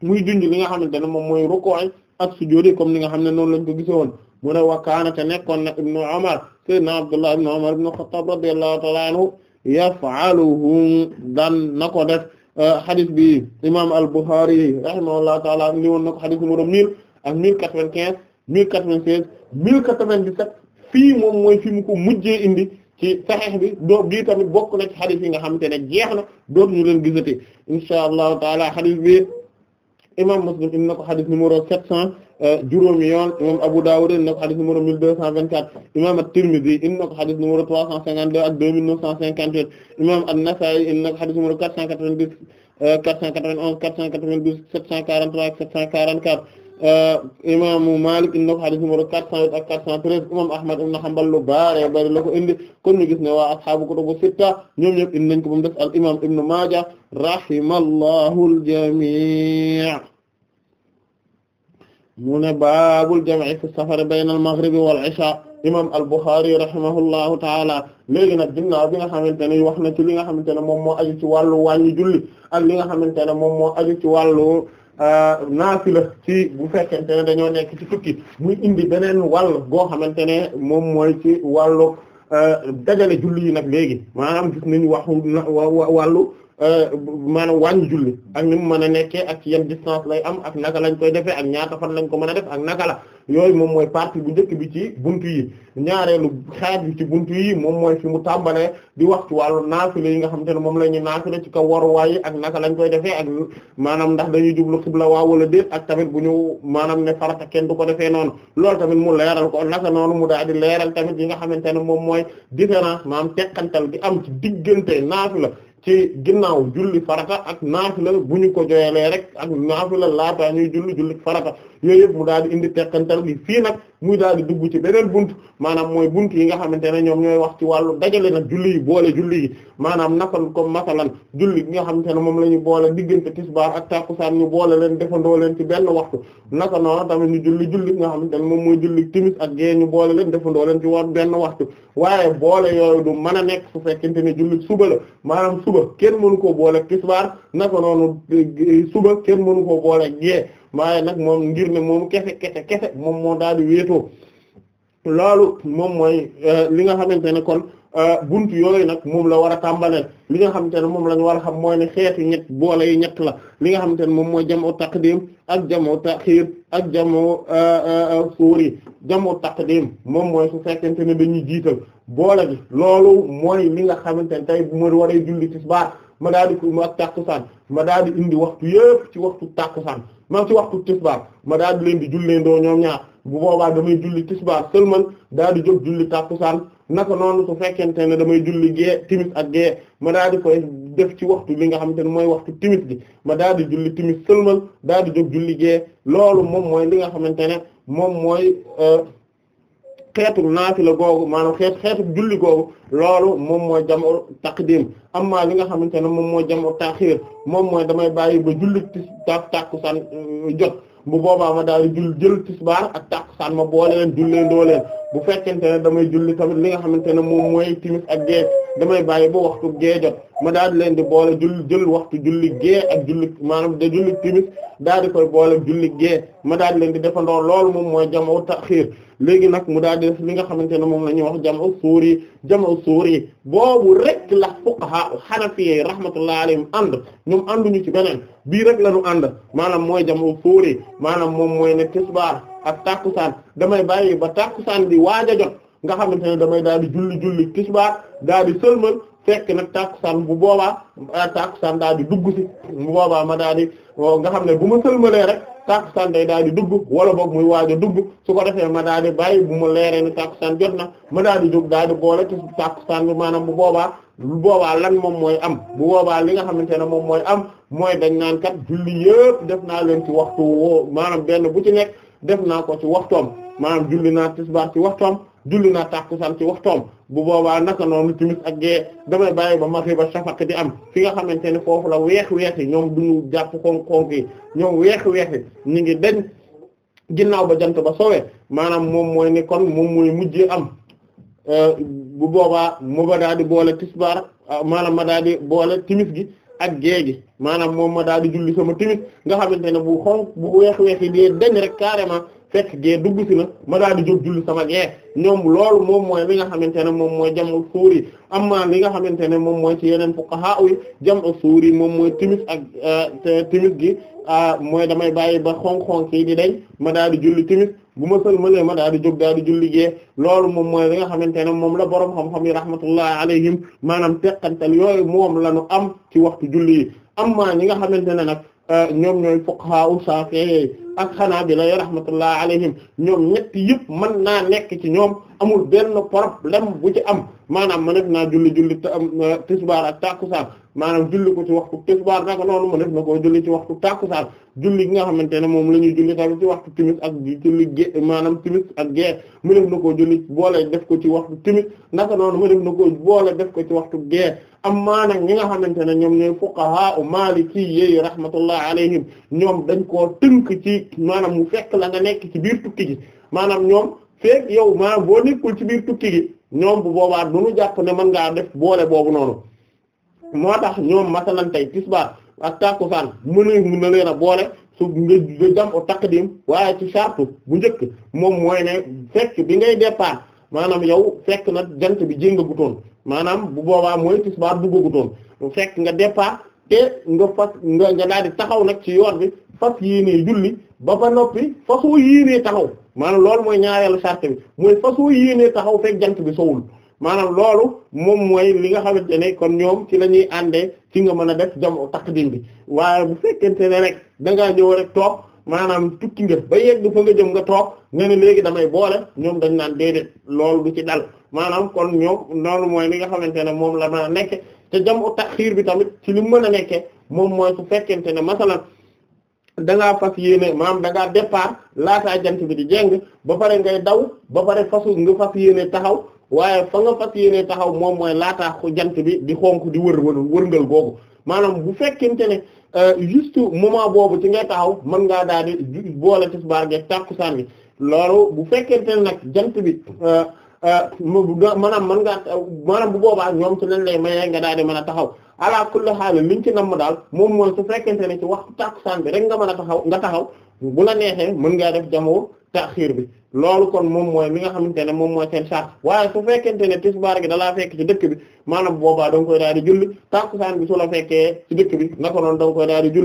muy junj li nga xamante ne moom mooy rukkooy (coughs) ak sujjóot comme ni nga xam ne noonu lañ ko gise woon mu ne wakkaana te nekkoon na ibnu Umar sayyidina Abdullah ibnu Umar ibnu Xattaab radiyallahu ta'ala anhu yaf'aluhu daan na def xadis euh, bi imam al-Bukhari rahimahullahu taala li woon na ko xadis numéro mille ak mille quatre-vingt-quinze mille quatre seize mille quatre-vingt-dix-sept fii moom mooy fi mu ko mujjee indi ci saxeex bi doo bii tamit bokk na ci xadis yi nga xamante ne jeex na dootuñu leen gisati insha allahu taala xadis bi imam Muslim indi na ko xadis numéro sept cent juróomi yoon imam Abu Dawud indi na ko xadis numéro 1224 imam at-Tirmidhi indi na ko xadis numéro 352 ak 2958 imam an-Nasa'i indi na ko xadis numéro 490 491 492 743 ak 744 euh, imaamu Malik indi ko xadis numéro 408 ak 413 imam Ahmad ibn Hanbal lu bare bari la ko indi kon ñu gis ne waa ashaabu kutubu sitta ñoom ñëpp indi nañ ko ba mu Maaja rahimallahu al mu ne baabul jam'i fi safar bayna al maghribi wal isha imam al Bukhari rahimahullahu taala léegi nag ginnaaw bi nga xamante ne wax na ci li nga xamante ne moom moo aju ci wàllu wàññi julli ak li nga xamante ne moom moo aju ci wàllu euh, naafila ci bu fekkente ne dañoo nekk ci tukki muy indi beneen wàll goo xamante ne moom mooy ci wàllu euh, dajale julli yi nag léegi maanaam gis nañu waxu wàllu Euh, maanaam wàññi julli ak ni mu mën a nekkee ak ci yan distance lay am ak naka lañ koy defe ak ñaata fan lañ ko mën a def ak naka la yooyu moom mooy partie bu njëkk bi ci buntu yi ñaareelu xaaj bi ci buntu yi moom mooy fi mu tàmbalee di wax ci wàllu naafila yi nga xam te ne moom la ñuy naafila ci kaw waruwaay ak naka lañ koy defee ak maanaam ndax dañuy jublu xibla waaw wala déet ak tamit bu ñu maanaam ne farata kenn du ko defee noonu loolu tamit mu leeral ko naka noonu mu daal di leeral tamit yi nga xamante ne moom mooy différence maam tekkantal gi am ci diggante naafila ci ginnaaw julli farata ak naafila bu ñu ko joyalee rek ak naafila laata ñuy julli julli farata yooyu yëpp mu indi tekkantal bi fii nag muy daal di dugg ci beneen buntu maanaam mooy buntu yi nga xamante ne ñoom ñooy wax ci wàllu dajale nag julli yi boole julli yi maanaam nakon comme masalan julli gi nga xamante ne moom la ñu boole diggante tisbaar ak tàkkusaan ñu boole leen defandoo leen ci benn waxtu naka noonu tamit ñu julli julli nga xamante ne moom mooy julli timis ak gée ñu boole leen defandoo leen ci war benn waxtu waaye boole yooyu du mën a nekk su fekkente ne julli suba la maanaam suba kenn mënu koo boole tisbaar naka noonu suba kenn mënu koo boole gée waaye nag moom ngir ne moom kefe kese kese moom moo daal di wéetoo loolu moom mooy euh, li nga xamante ne kon euh, bunt yooyu nag moom la war a tàmbaleel li nga xamante ne moom la war a xam mooy ne xeetu ñett boole yi ñett la li nga xamante ne moom mooy jamu taqdim ak jamu taxiir ak jamu suuri euh, jamu taqdim moom mooy su fekkente ne dañuy jiital boole bi loolu mooy li nga xamante ne tey bu ma waree julli tisbaar ma daal di ko ak ma daal di indi waxtu yépp ci waxtu tàkkusaan man ci waxtu tisbaar ma daal di leen di jullee ndoo ñoom ñaar bu boobaa damay julli tisbaar seulement daal di jóg julli tàkkusaan naka noonu su fekkente ne damay julli gee timis ak gee ma daal di koy def ci waxtu li nga xamante ne mooy waxtu timis bi ma daal di julli timis seulement daal di jóg julli gee loolu moom mooy li nga xamante ne moom mooy euh, xeetu naafila googu maanaam xeetu xeetu julli googu loolu moom mooy jam'u am amma li nga xamante ne moom mooy jam'u ta'khir moom mooy damay bàyyi ba julli tis takkusaan uh, jot bu boobaa ma daal di jul jël tisbaar ak takkusaan ma boole leen jullee leen bu fekkente ne damay julli tamit li nga xamante ne moom mooy timis a gée damay bàyyi ba waxtu gée jot ma daal di leen di boole julli jël waxtu julli gée ak julli maanaam da julli timis daal di koy boole julli gée ma daadi leen di defandoo loolu moom mooy jamu taxiir léegi nag mu daal di def li nga xamante ne moom la ñuy wax jamu suuri jamu suuri boobu rek la fuqaha xanafiyyi rahmatullahi alayhim ànd ñoom ànduñu ci beneen bii rek la ñu ànd maanaam mooy jamu suuri maanaam moom mooy ne tisbaar ak tàkkusaan damay bàyyi ba tàkkusaan bi waaj a jot nga xamante ne damay daal di julli julli tisbaar daal di sëlmal fekk nag tàkkusaan bu boobaa ah, tàkkusaan daal di dugg si bu boobaa ma daal di oh, nga xam ne bu ma sëlmalee rek tàkkusaan day daal di dugg wala boog muy waaj a dugg su ko defee ma daal di bàyyi bu ma leeree ni tàkkusaan jot na ma daal di jóg daal di boole ci tàkkusaan bi maanaam bu boobaa bu boobaa lan moom mooy am bu boobaa li nga xamante ne moom mooy am mooy dañ naan kat julli yëpp def naa leen ci waxtu woo maanaam benn bu ci nekk def naa ko ci waxtoom maanaam julli naa tisbaar ci waxtoom julli naa tàkkusaan ci waxtoom bu boobaa naka noonu timis ak gée damay bàyyi ba maghrib ba shafaq di am fi nga xamante ne foofu la weex weex yi ñoom duñu jàpp xonk-xonk yi ñoom weex weex yi ñu ngi deñ ginnaaw ba jant ba sowee maanaam moom mooy ne kon moom mooy mujjee am euh, bu boobaa mu ba daa di boole tisbaar euh, maanaam ma daa boole timis gi ak géegi maanaam moom ma daal di julli sama timis nga xamante ne bu xonq bu weex weex yi de dañ rek carrément fekk gee dugg si na ma daal di jóg julli sama gee ñoom loolu moom mooy li nga xamante ne moom mooy jamu am amma li nga xamante ne moom mooy ci yeneen fuqaha yi jamu suuri moom mooy timis ak euh, timis gi euh, mooy damay bàyyi ba xonq-xonq yi di ma daal julli timis bu ma sëlmalee ma daal di jóg di julli gee loolu moom mooy li nga xamante ne moom la boroom xam-xam yi rahmatullahi alayhim maanaam teqantal yooyu moom la ñu am ci waxtu julli am amma ñi nga xam ne nag euh, ñoom ñooy fuqaha u Shafi'i ak xanaa xanaabila ya rahmatullah alayhim ñoom ñetti yëpp mën naa nekk ci ñoom amul benn problème bu ci am maanaam mëneef naa julli julli te am euh, tisbaar ak tàkkusaan maanaam julli ko ci waxtu tisbaar naka noonu mëneef na koo julli ci waxtu tàkkusaan julli gi nga xamante ne moom la ñuy julli tamit ci waxtu timis ak julli ge maanaam timis ak gee mëneef na koo julli boole def ko ci waxtu timis naka noonu mo mëneef na koo boole def ko ci waxtu gee amma nag ñi nga xamante ne ñoom ñooy fuqaha u maliki yi rahmatullah alayhim ñoom dañ koo tënk ci tukki maanaam mu fekk la nga nekk ci biir tukki gi maanaam ñoom feek yow maanaam boo nekkul ci biir tukki gi ñoom bu boobaat du ñu jàpp ne man ngaa def boole boobu noonu moo tax ñoom masalan tey tisbaar ak tàkkusaan mënee mën na leen a boole su nga jam o taqdim waaye ci charte bu njëkk moom mooy ne fekk bi ngay départ maanaam yow fekk na jant bi jéngagutoon maanaam bu boobaa mooy tisbaar duggagutoon fekk nga départ te nga fas nga nga di taxaw nag ci yoon bi fas yéenee julli ba ba noppi fasoo yéenee taxaw maanaam loolu mooy ñaareelu sart bi mooy fasoo yéenee taxaw fekk jant bi sowul maanaam loolu moom mooy li nga xamante ne kon ñoom ci la ñuy àndee ci nga mën a def jamu taqdim bi waaye bu fekkente ne rek da ngaa ñëw rek toog maanaam tukki nga ba yegg fa nga jëm nga toog nga ne léegi damay boole ñoom dañ naan déedéet loolu du ci dal maanaam kon ñoom loolu mooy li nga xamante ne moom la mën a nekk te jamu taxiir bi tamit ci li mu mën a nekkee moom mooy su fekkente ne masalan da ngaa fas yéene maanaam da ngaa départ laataa jant bi di jeng ba pare ngay daw ba pare fasu nga fas yéene taxaw waaye fa nga fas yéene taxaw moom mooy laataa jant bi di xonk di wër wër wërngal googu maanaam bu fekkente ne euh, juste moment boobu ci ngay taxaw mën ngaa daal di boole tisbaar geeg tàkkusaan bi loolu bu fekkente ne nag jant bi. Euh, maanaam mën nga maanaam bu boobaa ñoom ci lañ lay mayee nga daal di mën a taxaw ala kulli haal liñ ci namm daal moom mooy su fekkente ne ci waxtu tàkkusaan bi rek nga mën a taxaw nga taxaw bu la neexee mën ngaa def jamono xiir bi loolu kon moom mooy li nga xamante ne moom mooy seen sart waaye su fekkente ne tisbaar gi dalaa fekk ci dëkk bi maanaam boobaa da nga koy daal di julli takkusaan bi su la fekkee ci dëkk bi naka noonu da nga koy daal di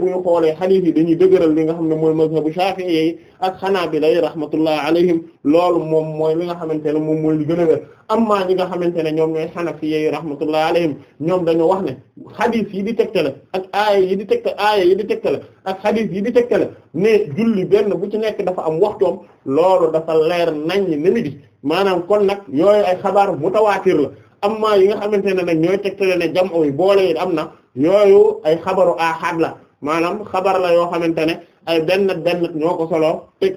bu ñu xoolee hadith yi dañuy dëgëral li nga xam ne mooy mazhabu Shafi'i yi ak Hanabila yi rahmatullah alayhim loolu moom mooy li nga xamante ne moom mooy li gën am wér ñi nga xamante ne ñoom ñooy Hanafi yi rahmatullah alayhim ñoom dañoo wax ne hadith yi di tegtale ak aaya yi di tegtale aaya yi di tegtale ak hadith yi di tegtale ne julli benn bu ci nekk dafa am waxtoom loolu dafa leer nañ ni mi di maanaam kon nag yooyu ay xabaar mutawaatir la amma yi nga xamante ne nag ñooy tegtale ne jamono yi boole yi am na yooyu ay xabaru ahad la maanaam xabaar la yoo xamante ne ay benn benn ñoo ko solo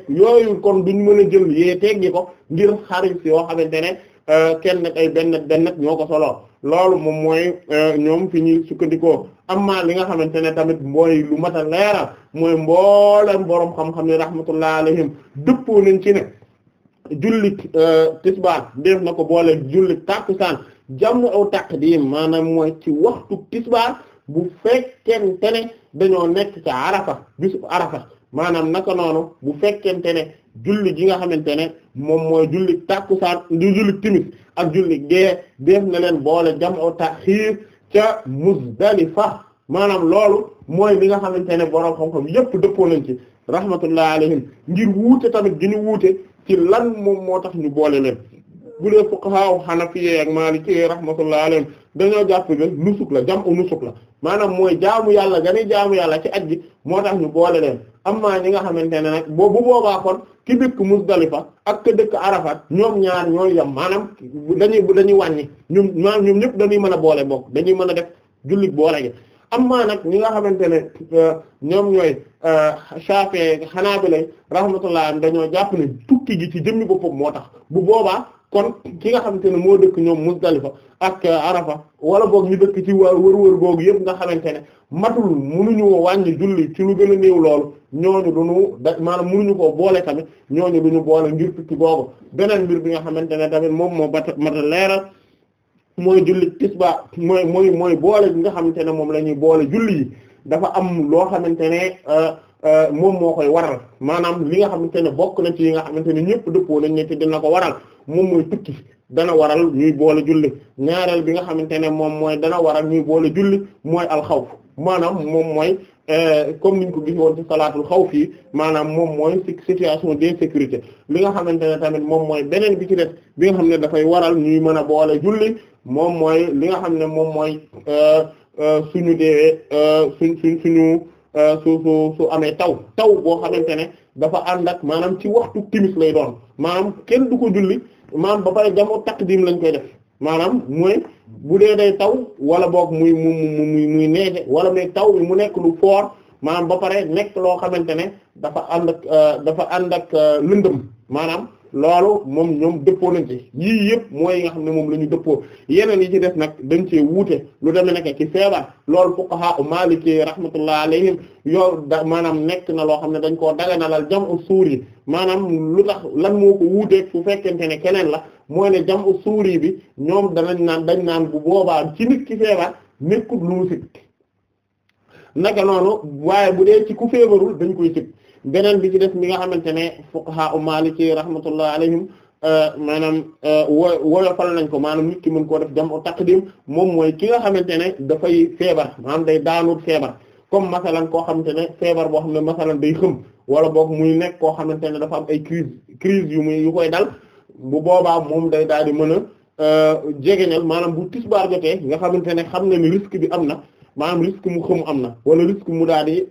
yooyu kon duñ mën a jël yee teggi ko ngir xaris yoo xamante ne euh, kenn ay benn benn ñoo ko solo. loolu moom mooy euh, ñoom fi ñuy sukkandikoo amma li nga xamante ne tamit mooy lu mat a leeral mooy mbooleem boroom xam-xam yi rahmatullah alayhim dëppoo nañ ci ne jullit euh, tisbaar def na ko boolee jullit takkusaan jàmm aw taqdim maanaam mooy ci waxtu tisbaar bu fekkente ne dañoo nekk ca arafa bisu arafa maanaam naka noonu bu fekkente ne julli ji nga xamante ne moom mooy julli takkusaan di julli timis ak julli gee def na leen boole jam'u taxiir ca Muzdalifa maanaam loolu mooy li nga xamante ne borom xam-xam yépp dëppoo nañ ci rahmatullah alayhim ngir wuute tamit gi ñu wuute ci lan moom moo tax ñu boole leen bu dee fuqaha hanafiyye ak maliki rahmatullahi alayhim dañoo jàpp ne nusuk la jam'u nusuk la maanaam mooy jaamu yàlla gani jaamu yàlla ci aj gi moo tax ñu boole leen amma ñi nga xamante ne nag boo bu boobaa kon ki dëkk Muzdalifa ak dëkk Arafat ñoom ñaar ñooy yam maanaam dañuy dañuy wàññi ñoom maanaam ñoom ñëpp dañuy mën a boole bokk dañuy mën a def jullit boole gi amma nag ñi nga xamante ne euh, ñoom ñooy euh, Shafi'i Hanabila rahmatullah dañoo jàpp ne tukki gi ci jëmmi boppam moo tax bu boobaa kon ki nga xamante ne moo dëkk ñoom Muzdalifa ak Arafa wala boog ñu dëkk ci waa wër googu yëpp nga xamante ne matul munuñu wàññi julli ci lu gën a néew loolu ñooñu da maanaam munuñu koo boole tamit ñooñu duñu boole ngir tukki googu beneen mbir bi nga xamante ne tamit moom moo bata mata leeral mooy julli tisba mooy mooy mooy boole bi nga xamante ne moom la ñuy boole julli yi dafa am loo xamante ne euh, Euh, moom moo koy waral maanaam li nga xamante ne bokk na ci yi nga xamante ne ñëpp dëppoo nañ ne te dina ko waral moom mooy tukki dana waral ñuy boole julli ñaareel bi nga xamante ne moom mooy dana waral ñuy boole julli mooy alxawf maanaam moom mooy euh, comme niñ ko gis woon ci salaatul xawf yi maanaam moom mooy situation d'insécurité li nga xamante ne tamit moom mooy beneen bi ci def bi nga xam ne dafay waral ñuy mën a moom mooy li nga xam ne moom mooy euh, suñu deewee Euh, su su su amee taw taw boo xamante ne dafa ànd ak maanaam ci waxtu timis lay doon maanaam kenn du ko julli maam ba pare jamono takdim lañ koy def maanaam muy bu dee day taw wala boog muy mu mu muy muy neexe wala muy taw mu nekk lu fort maanaam ba pare nekk loo xamante ne dafa ànd ak euh, dafa ànd ak euh, lëndëm maanaam. loolu moom ñoom dëppoo nañ ci yii yëpp mooy yi nga xam ne moom la ñu dëppoo yeneen yi ci def nag dañ cee wuute lu demee nekk ci feebar loolu fuqaha u maliki rahmatullah alayhim yow da maanaam nekk na loo xam ne dañ koo daganalal jam'u suuri maanaam lu tax lan moo ko wuuteeg su fekkente ne keneen la mooy ne suuri bi ñoom danañ naan dañ naan bu boobaan ci nit ki feebar nekkul lu sit naka noonu waaye bu dee ci ku feebarul dañ koy sit beneen bi ci def mi nga xamante ne fuqaha u maliki rahmatullah alayhim euh, maanaam euh, wo woyofal nañ ko maanaam nit ki mën ko def jam'u taqdim moom mooy ki nga xamante ne dafay feebar day daanut feebar comme masalan koo xamante ne feebar boo xam ne masalan day xëm wala boog muy nekk koo xamante ne dafa am ay crise crise yu muy yu koy dal bu boobaa moom day daal di mën a euh, jegeñal maanaam bu tisbaar jotee nga xamante ne xam na ni risque bi am na maanaam risque mu xëm am na wala risque mu daal di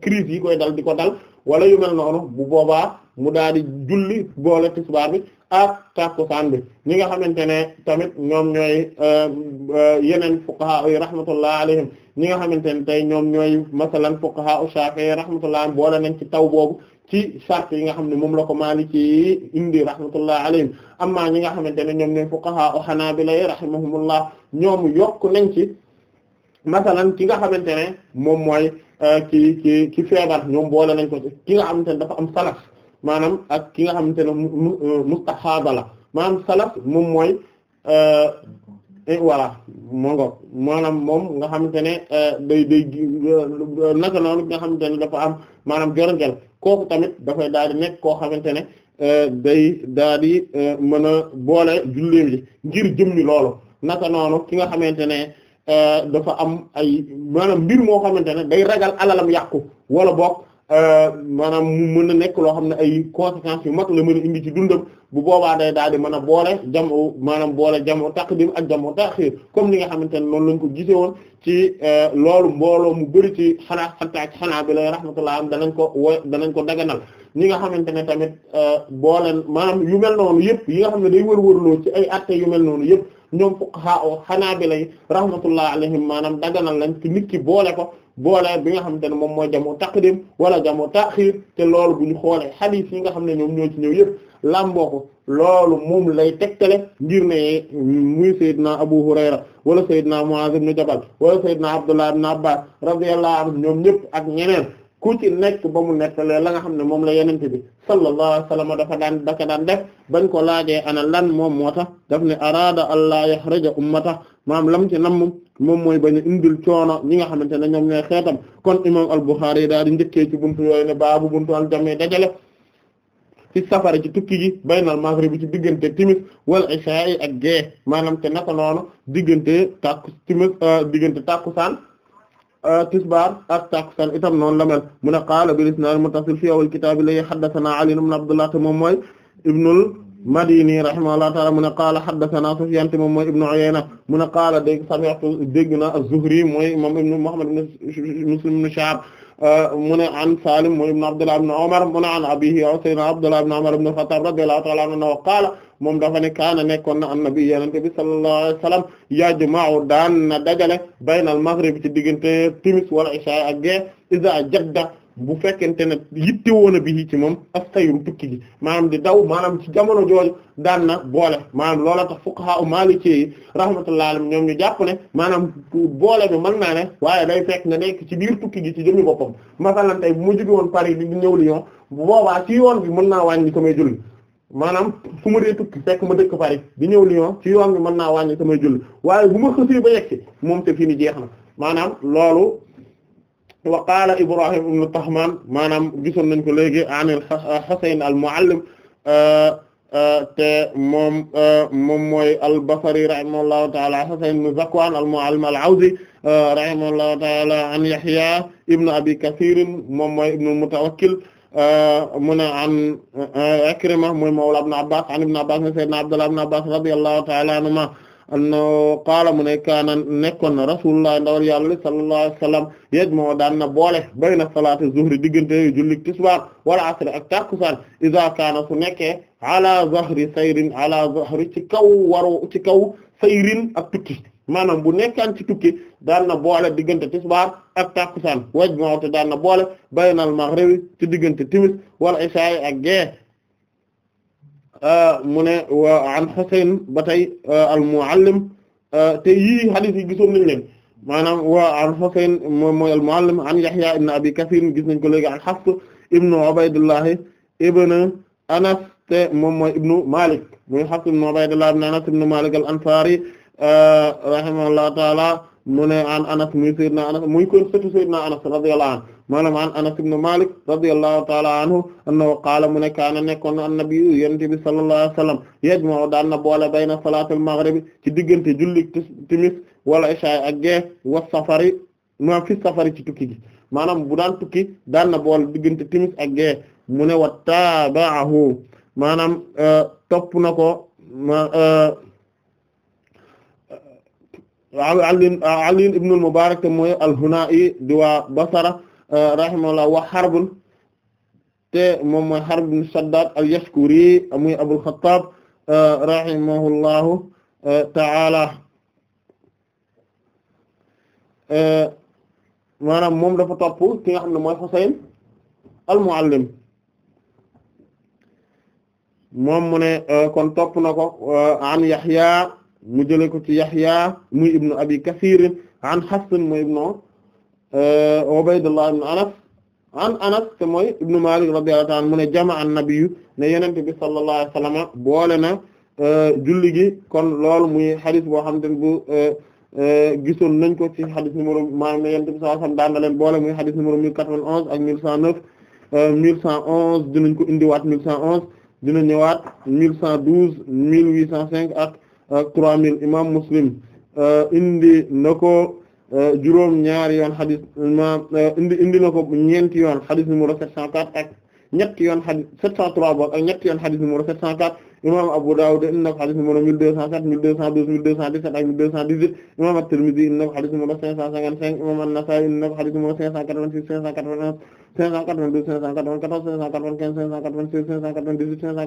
crise yi koy dal di ko dal wala yu mel noonu bu boobaa mu daal di julli boole tisbaar bi ak tàkkusaan bi ñi nga xamante ne tamit ñoom ñooy euh, euh, yeneen fuqaha yi rahmatullah alayhim ñi nga xamante ne tey ñoom ñooy masalan fuqaha u Shafi'i rahmatullah boole nañ ci taw boobu ci sart yi nga xam ne moom la ko Maliki indi rahmatullah alayhim amma ñi nga xamante ne ñoom ñooy fuqaha u Hanabila rahimahumullah ñoom yokk nañ ci masalan ki nga xamante ne moom mooy ci ci ci feebar ñoom boole nañ ko ci ki nga xamante ne dafa am salaf maanaam ak ki nga xamante ne euh, mustahaaba la maanaam salaf moom mooy euh, eh, voilà moo maanaam moom nga xamante ne euh, day day naka noonu nga xamante ne dafa am maanaam jorngel kooku tamit dafay daal di nekk koo xamante ne day daal di mën a boole julleem yi ngir jëmmi loolu naka noonu ki nga xamante ne Euh, dafa am ay maanaam mbir moo xamante ne day ragal alalam yàqu wala boog euh, maanaam mun mën a nekk loo xam ne ay conséquences yu mag la mën indi ci dundam bu boobaa day daal di mën a boole jamu maanaam boole jamu taqdim ak jamu taxir comme ni nga xamante ne noonu lañ ko gisee woon ci euh, loolu mbooloo mu bëri ci xanaa xataa ci xanaa bi lay rahmatullah am danañ ko wo danañ ko daganal ñi nga xamante ne tamit booleen maanaam yu mel noonu yëpp yi nga xam ne day wër-wërloo ci ay atte yu mel noonu yëpp ñoom fuqaha o xanaabila yi rahmatullah alayhim maanaam daganal lañ ci nit boole ko boole bi nga xamante ne moom mooy jamu taqdim wala jamu taxiir te loolu bu ñu xoolee xadiis yi nga xam ne ñoom ñoo ci ñëw ko loolu moom lay tegtale ngir ne muy Seydina Abu Hurayra wala Seydina Muaz ibn Jabal wala Seydina Abdullah ibn Abbas radiyallahu anhum ñoom ñëpp ak ñeneen ku ci nekk ba mu nettalee la nga xam ne moom la yenente bi sallallahu alayhi wasallam dafa daan daka daan def bañ ko laajee ana lan moom moo tax daf ne araada allah yahraja ummata maam lam ci namm moom mooy bañ a indil coono ñi nga xamante ne ñoom ñooy xeetam kon imam al-Bukhari yi daal di njëkkee ci buntu yooyu ne baabu buntu al jamee dajale ci safara ci tukki gi baynal maghrib bi ci diggante timis wal isha yi ak gée maanaam te naka noonu diggante tàkku timis euh, diggante tàkkusaan Euh, tisbaar ak takusan itam noonu la mel mu ne qaala bil isnaad muttasil fi awal kitaab lay haddathana Ali ibn Abdullah te moom mooy ibnul Madini rahimahullahu ta'ala mu ne qaala haddathana Sufyaan te moom mooy ibnu Uyayna mu ne qaala dégg sami'tu dégg na az-Zuhri mooy moom ibnu Muhammad ibn Muslim ibn Shihab mu ne an Salim ibn Abdullah ibn Umar mu ne an abihi sayyidina Abdullah ibn Umar ibn al-Khattab radiyallahu ta'ala anhu wa qaala moom dafa ne kaana nekkoon na annabi yenente bi sallallahu alayhi wa sallam yajma'u daan na dajale bayna al-maghrib ci diggante timis wala isha ak gee iza jadda bu fekkente ne yitte woon a bi ci moom astayru tukki gi maanaam di daw maanaam ci jamono jooju daan na boole maanaam loola tax fuqaha u maliki yi rahmatullah alayhim ñoom ñu jàpp ne maanaam boole bi mën naa ne waaye day fekk nga nekk ci biir tukki ji ci jëmmi boppam masalan tey bu ma jóge woon Paris di ñëw Lyon bu boobaa ci yoon bi mën naa wàññi samay julli maanaam fu ma dee tukki fekk ma dëkk Paris di ñëw Lyon ci yoon bi mën naa wàññi samay julli waaye bu ma ba yegg moom te fii ni jeex na maanaam loolu wa qaala Ibrahim ibn Tahman maanaam gisoon nañ ko léegi anil Husayn al-Muallim euh, euh, te moom euh, moom mooy al-Basri rahimahullahu ta'ala Husayn ibn Zakwan al-Muallim al-Awdi rahimahullahu ta'ala an Yahya ibn Abi Kathir moom mooy ibn al-Mutawakkil mu ne an Ikrima mooy mawla ibn Abbas an ibn Abbas sayyidina Abdullah ibn Abbas radiyallahu ta'ala anhuma annahu qaala mu ne kaana nekkoon na rasulullah ndawal yàlla sallallahu alayhi wasallam yajma'u daan na boole bayna salaati zuhri diggante julli tisbaar wal asr ak takusaan iza kaana su nekkee ala zahri sayrin ala zahri ci kaw waru ci kaw sayrin ak tukki maanaam bu nekkaan ci tukki daan na boole diggante tisbaar ak takusaan wajma'u daan na boole baynal maghribi ci diggante timis wal isha ak gee Euh, mu ne wa an Husayn ba tey euh, al-Muallim euh, te yii hadith yi gisoon nañ leen maanaam wa an Husayn mo mooy al-Muallim an Yahya ibn Abi Kathir gis nañ ko léegi an Hafs ibn Ubaydullah ibn Anas te moom mooy ibn Malik muy Hafs ibn Ubaydullah ibn Anas ibn Malik al-Ansari rahimahullahu ta'ala mu ne an Anas muy Sayyidina Anas muy ko sëtu maanaam an Anas ibn Malik radiyallahu ta'ala anhu annahu qaala mu ne kaana nekkoon annabi yonent bi sallallahu alayhi wa sallam yajma'u daan na boole bayna salaatul ci diggante julli timis wala isha ak gee safari ma fi safari ci tukki gi maanaam bu daan tukki daan na boole diggante timis ak gee mu ne wa maanaam topp na ko Ali ibn al-Mubarak te mooy al-Huna'i rahimahullah wa Harbun te moom mooy Harb ibn Shaddad al-Yashkuri muy Abul Khattab rahimahullahu eh, ta'ala eh, maanaam moom dafa topp ki nga xam ne mooy Husayn al-Muallim moom mu ne eh, kon topp na ko an Yahya mu jële ko ci Yahya muy ibnu Abi Kathir an Hafs muy ibnu Ubaydullah ibn Anas an Anas te mooy ibnu Malik radiyallahu ta'ala mu ne jamaa an-nabiyyu ne yenente bi sallallahu alayhi wasallam boole na julli gi kon lool muy xadis boo xam te ne bu gisoon nañ ko ci xadis numéro maanaam ne yenente bi sallallahu alayhi wasallam daan na leen boole muy xadis numéro 1091 ak 1109 1111 dinañ ko indiwaat 1111 dina ñëwaat cent 1805 ak 3000 imam Muslim indi na ko Euh, juróom ñaari yoon xadis imam euh, indi indi na ko ñeenti yoon xadis numéro 704 ak ñetti yoon xadis 703 bok ak ñetti yoon xadis numéro 704 imam Abu Dawud indi na ko xadis numéro 1207 1212 1217 ak 1218 imam At-Tirmidhi indi na ko xadis numéro 555 imam An-Nasa'i indi ko xadis numéro 586 591 592 594 595 596 598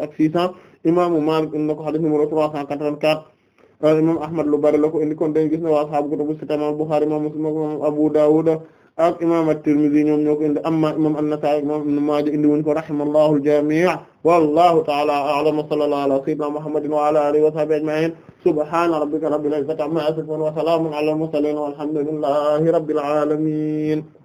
599 ak 600 imam Malik indi na ko xadis numéro 384 imam ahmad lu bari la ko indi kon dañu gis ne waa ashaabu kutubu sitta imam Bukhari imam Muslim imam Abu Dawud ak imam at-Tirmidhi ñoom ñoo ko indi amma imam an-Nasa'i imam Ibn Maaja indi wuñ ko rahimallahu al-jami' wallahu ta'ala a'lam wa sallallahu ala sayyidina Muhammadin wa ala alihi wa sahbihi ajma'in subhana rabbika rabbil izzati amma yasifun wa salamun ala al-mursalin walhamdulillahi rabbil alamin